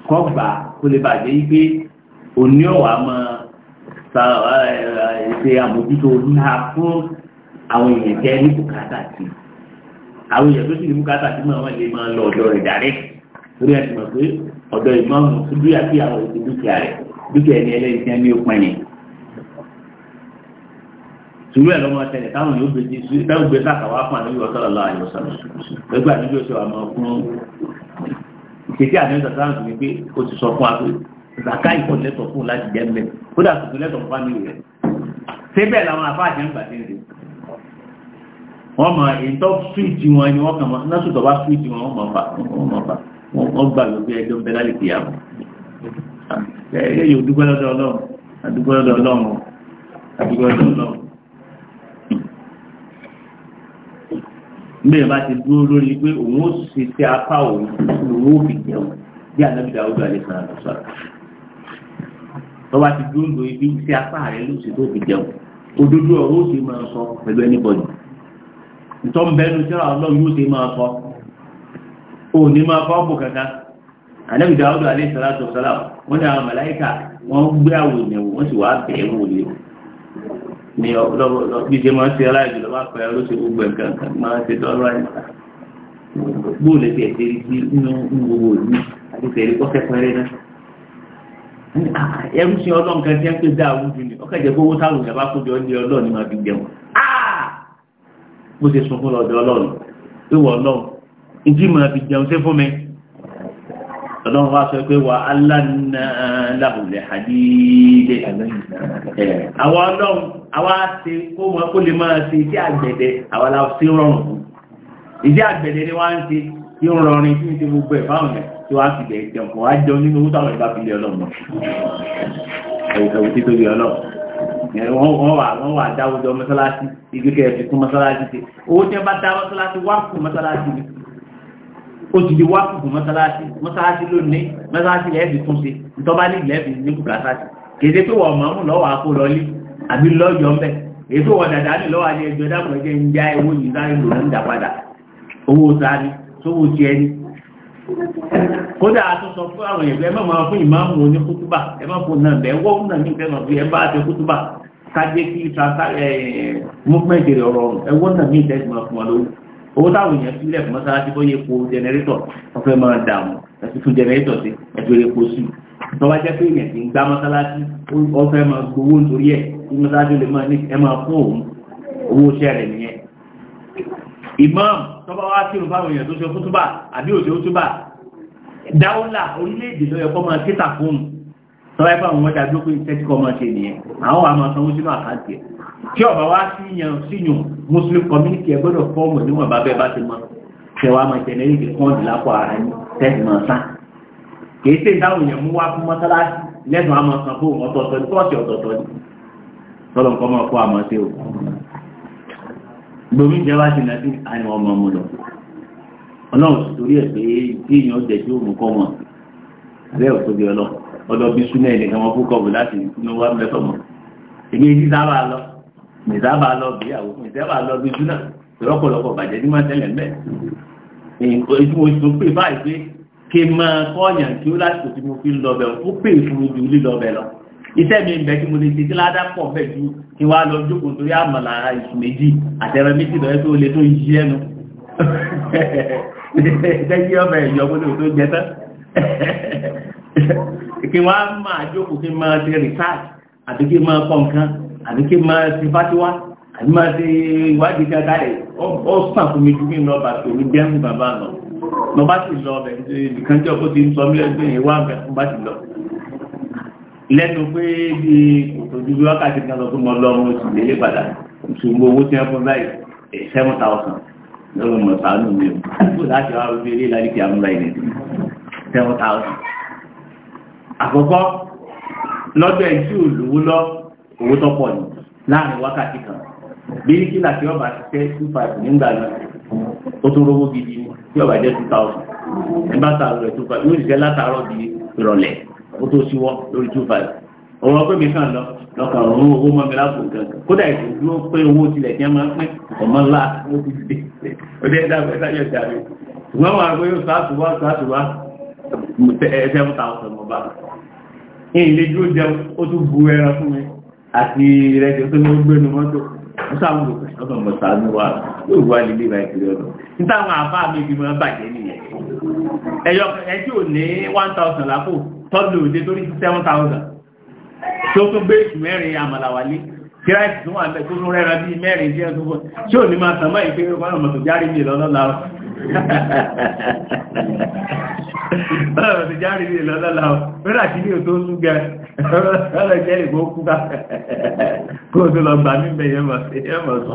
kọ́ gbà kó lè bàjẹ́ yí pé òní ọ̀wà máa ṣe àmójútó ńlá fún àwọn èèyàn jẹ́ ní bùkátà sí àwọn èèyàn tó sì ní bùkátà sí máa wọ́n lè máa lọ ọ̀dọ̀ rẹ̀ dárẹ́ torí ẹ̀ mọ̀ pé ọ̀dọ̀ ìmọ̀ọ́mù síbí àti àwọn ètò dúkìá rẹ̀ dúkìá ẹni ẹlẹ́yìn tí wọ́n ní òpin ni. sùúrù ẹ̀ lọ́mọ tẹ̀lé táwọn yóò gbé jésù táwọn gbé sàkàwá fún àdúgbò ọ̀sọ̀rọ̀ lọ́wọ́ àyọ̀sọ̀rọ̀ kìtì àdéhùn sàtàn kò ní pé o ti sọ fún wa pé zaka ìkọ̀ lẹ́tọ̀ fún láti jẹ́ mbẹ́ kódà kò tún lẹ́tọ̀ fún fámìlì rẹ̀ ṣé bẹ́ẹ̀ làwọn afáàjẹ́ ń gbàdé rẹ̀ wọ́n mọ ìtọ́ súwìtì wọn ni wọ́n kàn mọ́ násù tọ́ bá súwìtì wọn wọ́n mọ̀ fà wọ́n gbà ló pé ẹjọ́ ń bẹ lálẹ́ kìyà mọ́ ẹ yóò dúpẹ́ lọ́dọ̀ ọlọ́run àdúpẹ́ lọ́dọ̀ ọlọ́run àdúpẹ́ lọ́dọ̀ ọlọ́run mbẹ́ bá ti dúró lórí pé òun ó ṣe sí apá òun òun ó fi jẹun bí ànábì Dáúdù alẹ́ sọ̀rọ̀ lọ sọ̀rọ̀ tó bá ti dúró lórí bí sí apá rẹ ló ṣe tó fi jẹun òdodo ọ̀rọ̀ ó ṣe máa sọ pẹ̀lú ẹnìbọ̀dì ntọ́ ń bẹnu tí ọlọ́run yóò ṣe máa sọ òní máa fọ́ bù kankan ànábì Dáúdù alẹ́ sọ̀rọ̀ sọ̀rọ̀ wọ́n ní àwọn màláíkà wọ́n gbé àwòrán wọ́n sì wá bẹ̀ẹ́ wò lé wọn ni gbígbé máa ń ṣe aláìjù lọ́wọ́ pẹ̀ ọ́ ló ṣe gbogbo ẹ̀ka kan máa ń ṣe dọ́là ìta bóòlù ẹ̀sẹ̀ ẹ̀sẹ̀ rí sí inú gbogbo ìlú àti tẹ̀lé kọ́kẹ́ pẹ́rẹ́ náà ah, ẹrú sí ọlọ́run kan tí wọ́n pè dáa wújú ni ọkọ̀ ìjẹ́ gbówó táwọn ìyàbá kó jọ ní ọlọ́run ni máa fi jẹun bó ah! ṣe sunkún lọ́dọ̀ ọlọ́run ìwọ ọlọ́run ìjì máa fi jẹun sí fún mi ọlọ́run wá sọ pé wà aláàna láhùlẹ̀ àdídé àwọn ọlọ́run àwọn àti kó wọn kó lè máa ṣe iṣẹ́ àgbẹ̀dẹ àwọn aláwọ̀sí rọrùn fún iṣẹ́ àgbẹ̀dẹ ni wọ́n ń tí ó rọrin tí ń ṣe gbogbo ẹ̀ fáwọn tí wọ́n á bẹ̀ẹ̀ jẹun kò nínú owó táwọn ìbá ọlọ́run ó ti di wákùkù mọ́sálásí mọ́sálásí lónìí mọ́sálásí lẹ́ẹ̀fì tún sí ìtọ́bá ní ìlẹ́ẹ̀fì ní bùkátásí kèsè pé wọ́n mọ̀ọ́mù lọ́wọ́ àpò lọ́lí àbí lọ́yọ̀ ńbẹ̀ èyí tó wọ́n dàdá ní lọ́wọ́ àti ẹjọ́ dàpọ̀ ẹjẹ́ ń já owó yìí sáré lò ń dà padà owó sáré sówó ti ẹni. kódà a tún sọ fún àwọn èèyàn ẹ má máa fún ìmáàmù oní kútúbà ẹ má fún náà bẹ́ẹ̀ wọ́n náà ní ìfẹ́ mọ̀ fún ẹ bá ṣe kútúbà kájé kí movement rẹ̀ ọ̀rọ̀ ẹ wọ́n náà ní ìtẹ́sí máa fún ọ lówó owó táwọn èèyàn sílẹ̀ fún mọ́sálásí bóyá epo jẹnẹrétọ̀ wọ́n fẹ́ máa dààmú ẹ̀sùn tún jẹnẹrétọ̀ sí ẹ̀sùn epo sí tó bá jẹ́ pé èèyàn ti ń gbá mọ́sálásí wọ́n fẹ́ máa gbowó nítorí ẹ̀ kí mọ́sálásí lè máa ní ẹ máa fún òun owó iṣẹ́ rẹ̀ nìyẹn. ìmáàmù tó bá wá sírun fáwọn èèyàn tó ṣe fútúbà àbí òṣèlú túbà dáwọ́là orílẹ̀-èdè ló yẹ kó máa kíta fóònù tọ́wọ́ ẹ̀fọ́ àwọn mọ́ta ló pé tẹ́tí kọ́ máa ṣe nìyẹn àwọn àmọ́ sanwó sínú àkáǹtì ẹ̀ tí ọba wá síyàn síyàn muslim community ẹ̀ gbọ́dọ̀ fọ́ọ̀mù níwọ̀n bá bẹ́ẹ̀ bá ti mọ tẹwàá máa tẹ̀lé ìdè fọ́ọ̀dì lápò ara yín tẹ́tí máa sá kì í ṣe ìdáhùn yẹn mú wá fún mọ́sálásí lẹ́nu àmọ́ san fún ọ̀tọ̀ọ̀tọ̀ ní kọ́ọ̀sì ọ̀tọ̀ọ̀tọ̀ ni tọ́lọ̀ nǹkan máa kó àmọ́ sí o gbòmí jẹ́ wá sí nàbí àìmọ̀ ọmọ mu lọ ọlọ́run sì torí ẹ̀ pé bí èèyàn jẹ́ tí ó mú kọ́ mọ̀ abẹ́ òtóbi ọlọ́run ọdọ̀ bí súnà ẹnìkan wọn fúkọ̀ bù láti ìkúnú wá mẹ́fọ̀ mọ́ èmi èyí lọ mi lọ bí àwọn mi lọ bí súnà lọ́pọ̀lọpọ̀ bàjẹ́ ní máa tẹ́lẹ̀ mẹ́ ojú mo sọ pé báyìí pé kí n máa kọ́ọ̀yàn kí ó láti òtí mo fi lọ bẹ̀ ó pè fún ojú lílọ bẹ̀ lọ iṣẹ́ mi ń bẹ kí mo lè ṣe tí ládá pọ̀ bẹ̀ ju kí wá lọ jókòó torí àmàlà ìṣù méjì àtẹ̀rẹ̀ méjì lọ́yẹ́ tó lè tó yí ẹnu ṣẹ́yí ọbẹ̀ ìyọ́mọ́lẹ́ tó jẹ tán ìpín wa máa jókòó kí máa ṣe research àbí kí máa kọ́ nǹkan àbí kí máa ṣe fásiwá àbí máa ṣe ìwádìí kan kárẹ̀ ó sàn fún mi dúkìá lọ bá tòun jẹ́ fún bàbá lọ mo bá sì lọ ọbẹ̀ nìkan jẹ́ ọkọ̀ tí ń sọ mí lẹ́gbẹ́ yẹn wá bẹ̀ mo bá sì lọ lẹ́nu pé bí kòtò dúdú wákàtí kan lọ fún mọ lọ mo délé padà ṣùgbọ́n owó tí wọ́n fún báyìí eh, seven thousand lọ́wọ́ mọ̀ sánú mi o láti wá wípé ilé ìlànà kí a seven thousand àkọ́kọ́ lọ́dọ̀ ẹ̀ tí ò lówó lọ owó tọ́pọ̀ ni láàrin wákàtí kan bíríkìlà tí ọba ti tẹ́ two five nígbà náà ó tún rówó gidi tí ọba jẹ́ two thousand nígbà tá a lọ two five yóò ṣiṣẹ́ látàárọ̀ di ìrọ̀lẹ́ ó tó ṣíwọ́ lórí two five ọ̀rọ̀ pé mi kàn lọ lọ́kàn ọ̀rọ̀ owó mọ́ mi lápò gangan kódà ìdúró pé owó tilẹ̀ tí wọ́n máa ń pín ọmọ ńlá ó ti dé ó dé dàgbẹ́ sáyọ̀ jáde ṣùgbọ́n wọn àgbẹ̀ yóò sáàtùwá sáàtùwá seven thousand mo bá yìí lè dúró jẹun ó tún bu ẹran fún mi àti ìrẹsì tó ní ó gbé nu mọ́tò ó sáwọn olùkọ́ ọ̀sán mọ̀ sáánú wa yóò wá lílé ìbá ìpínlẹ̀ ọ̀dọ̀ níta àwọn àbá mi bí wọ́n bàjẹ́ nìyẹn ẹ̀yọ ẹtí ò ní one thousand lápò tọ́jú seven thousand tó tún gbé ìsù mẹ́rin kíráìsì tó wà ń bẹ tó rẹ́ra bíi mẹ́rin díẹ̀ tó fún ṣé ò ní máa tàn ìpé ọmọ tó járí ní òtó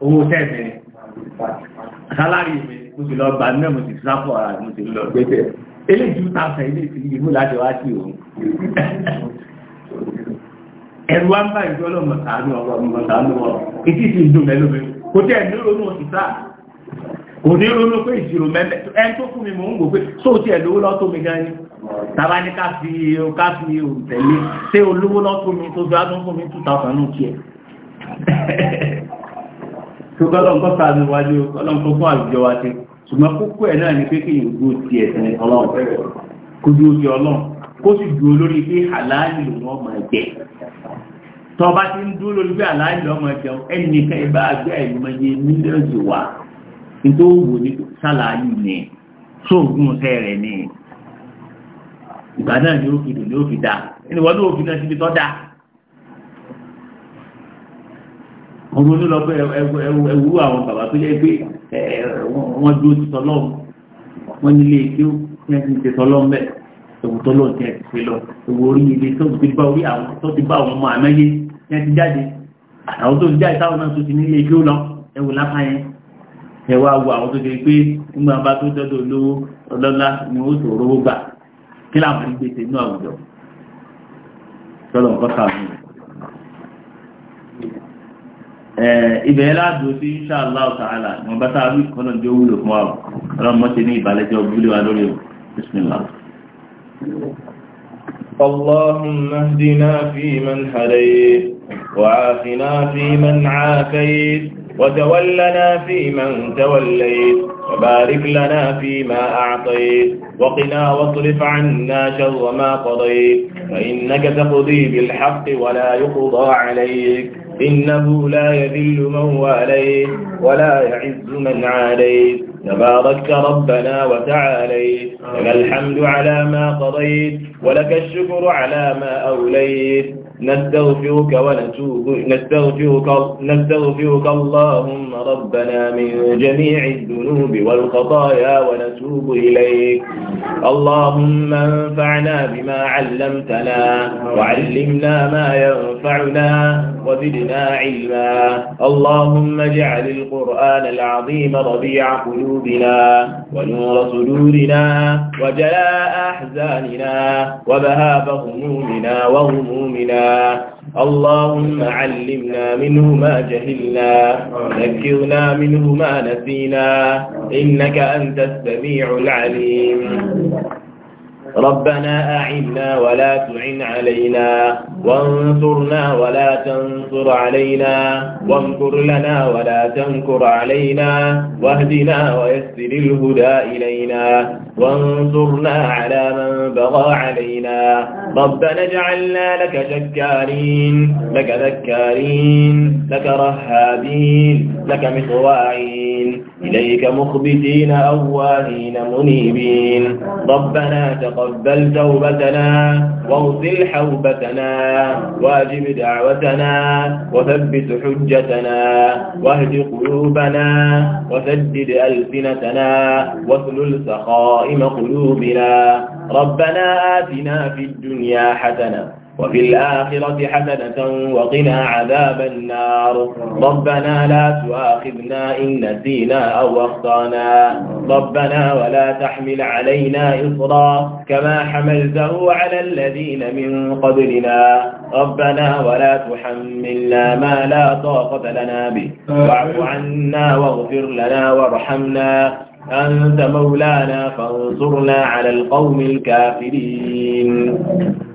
owó tẹ́ẹ̀mì sálárì mi mo sì lọ gbà náà mo sì sáfọ̀ ara mo sì lọ gbé tẹ̀ eléjú tàfẹ́ ilé ti yí mú láti wá sí òun ẹ̀rù wa ń bá ìjọ ọlọ́mọ sàánú ọ̀rọ̀ ọmọ sàánú ọ̀rọ̀ ìtì sì ń dùn mẹ́lómi kò tẹ́ ẹ̀ ní ronú ìsá kò ní ronú pé ìṣirò mẹ́mẹ́ ẹni tó fún mi mò ń wò pé sóòtì ẹ̀ lówó lọ́tọ́ mi gan ni tàbá ní ká fi ká fi òǹtẹ̀lé ṣé olówó lọ́tọ́ mi tó fi adún fún mi two thousand nù tiẹ̀ tó gọ́lọ́nkọ́ sáàmì wájú ọlọ́nkọ́ fún àwùjọ wa ti ṣùgbọ́n kókó ẹ̀ náà ni pé kí ìgbó ti ẹ̀sìn ọlọ́run kó bí ojú ọlọ́run kó sì dúró lórí pé àláàlì lòun ọmọ ẹgbẹ́ tó bá ti ń dúró lórí pé àláàlì lòun ọmọ ẹgbẹ́ ẹnìkan ìbá àgbẹ̀ ẹ̀mọye mílíọ̀nù wà nítorí wò ní sálàálì ni sóògùn sẹ́ rẹ̀ ni ìgbà náà ni ó fi dùn ni ó fi dà ẹni wọ́n ní òfin náà síbi tó dáa ọmọ onílọ́pẹ́ ẹwú àwọn bàbá tó yẹ pé wọ́n dúró ti sọ lọ́wọ́ wọ́n nílé kí ó ní ẹni ti sọ lọ́wọ́ mẹ́ ewu tó lọ́wọ́ ti ẹ̀ ti fi lọ ewu orí ilé tó ti bá orí àwọn tó ti bá àwọn ọmọ àmẹ́yé ní ẹ ti jáde àwọn tó ti jáde táwọn náà tó ti nílé kí ó lọ ewu lápá yẹn ẹ wá wo àwọn tó ti pé nígbà bá tó dọ́dọ̀ olówó ọlọ́lá ni ó sòrò gbà kí láwọn ìgbésẹ̀ inú àwùjọ tọ́lọ̀ nǹkan kàwé Eh, ibẹ̀ ládùú sí inṣàlá ta'ala ní ọba tá a rí kọ́nà jẹ́ wúlò fún wa ọlọ́mọ ti ní ìbàlẹ́jọ́ wúlò wa lórí bismillah. اللهم اهدنا فيمن هديت وعافنا فيمن عافيت وتولنا فيمن توليت وبارك لنا فيما أعطيت وقنا واصرف عنا شر ما قضيت فإنك تقضي بالحق ولا يقضى عليك إنه لا يذل من واليه ولا يعز من عاديه تباركت ربنا وتعاليت لك الحمد على ما قضيت ولك الشكر على ما أوليت نستغفرك ونتوب نستغفرك نستغفرك اللهم ربنا من جميع الذنوب والخطايا ونتوب إليك اللهم انفعنا بما علمتنا وعلمنا ما ينفعنا وزدنا علما اللهم اجعل القرآن العظيم ربيع قلوبنا ونور صدورنا وجلاء أحزاننا وبهاب همومنا وهمومنا اللهم علمنا منه ما جهلنا ذكرنا منه ما نسينا إنك أنت السميع العليم ربنا أعنا ولا تعن علينا وانصرنا ولا تنصر علينا وامكر لنا ولا تنكر علينا واهدنا ويسر الهدى إلينا وانصرنا على من بغى علينا ربنا اجعلنا لك شكارين لك ذكارين لك رهابين لك مطواعين إليك مخبتين أواهين منيبين ربنا تقبل تقبل توبتنا واغسل حوبتنا واجب دعوتنا وثبت حجتنا واهد قلوبنا وسدد ألسنتنا واسلل سخائم قلوبنا ربنا آتنا في الدنيا حسنة وفي الآخرة حسنة وقنا عذاب النار ربنا لا تؤاخذنا إن نسينا أو أخطانا ربنا ولا تحمل علينا إصرا كما حملته على الذين من قبلنا ربنا ولا تحملنا ما لا طاقة لنا به واعف عنا واغفر لنا وارحمنا أنت مولانا فانصرنا على القوم الكافرين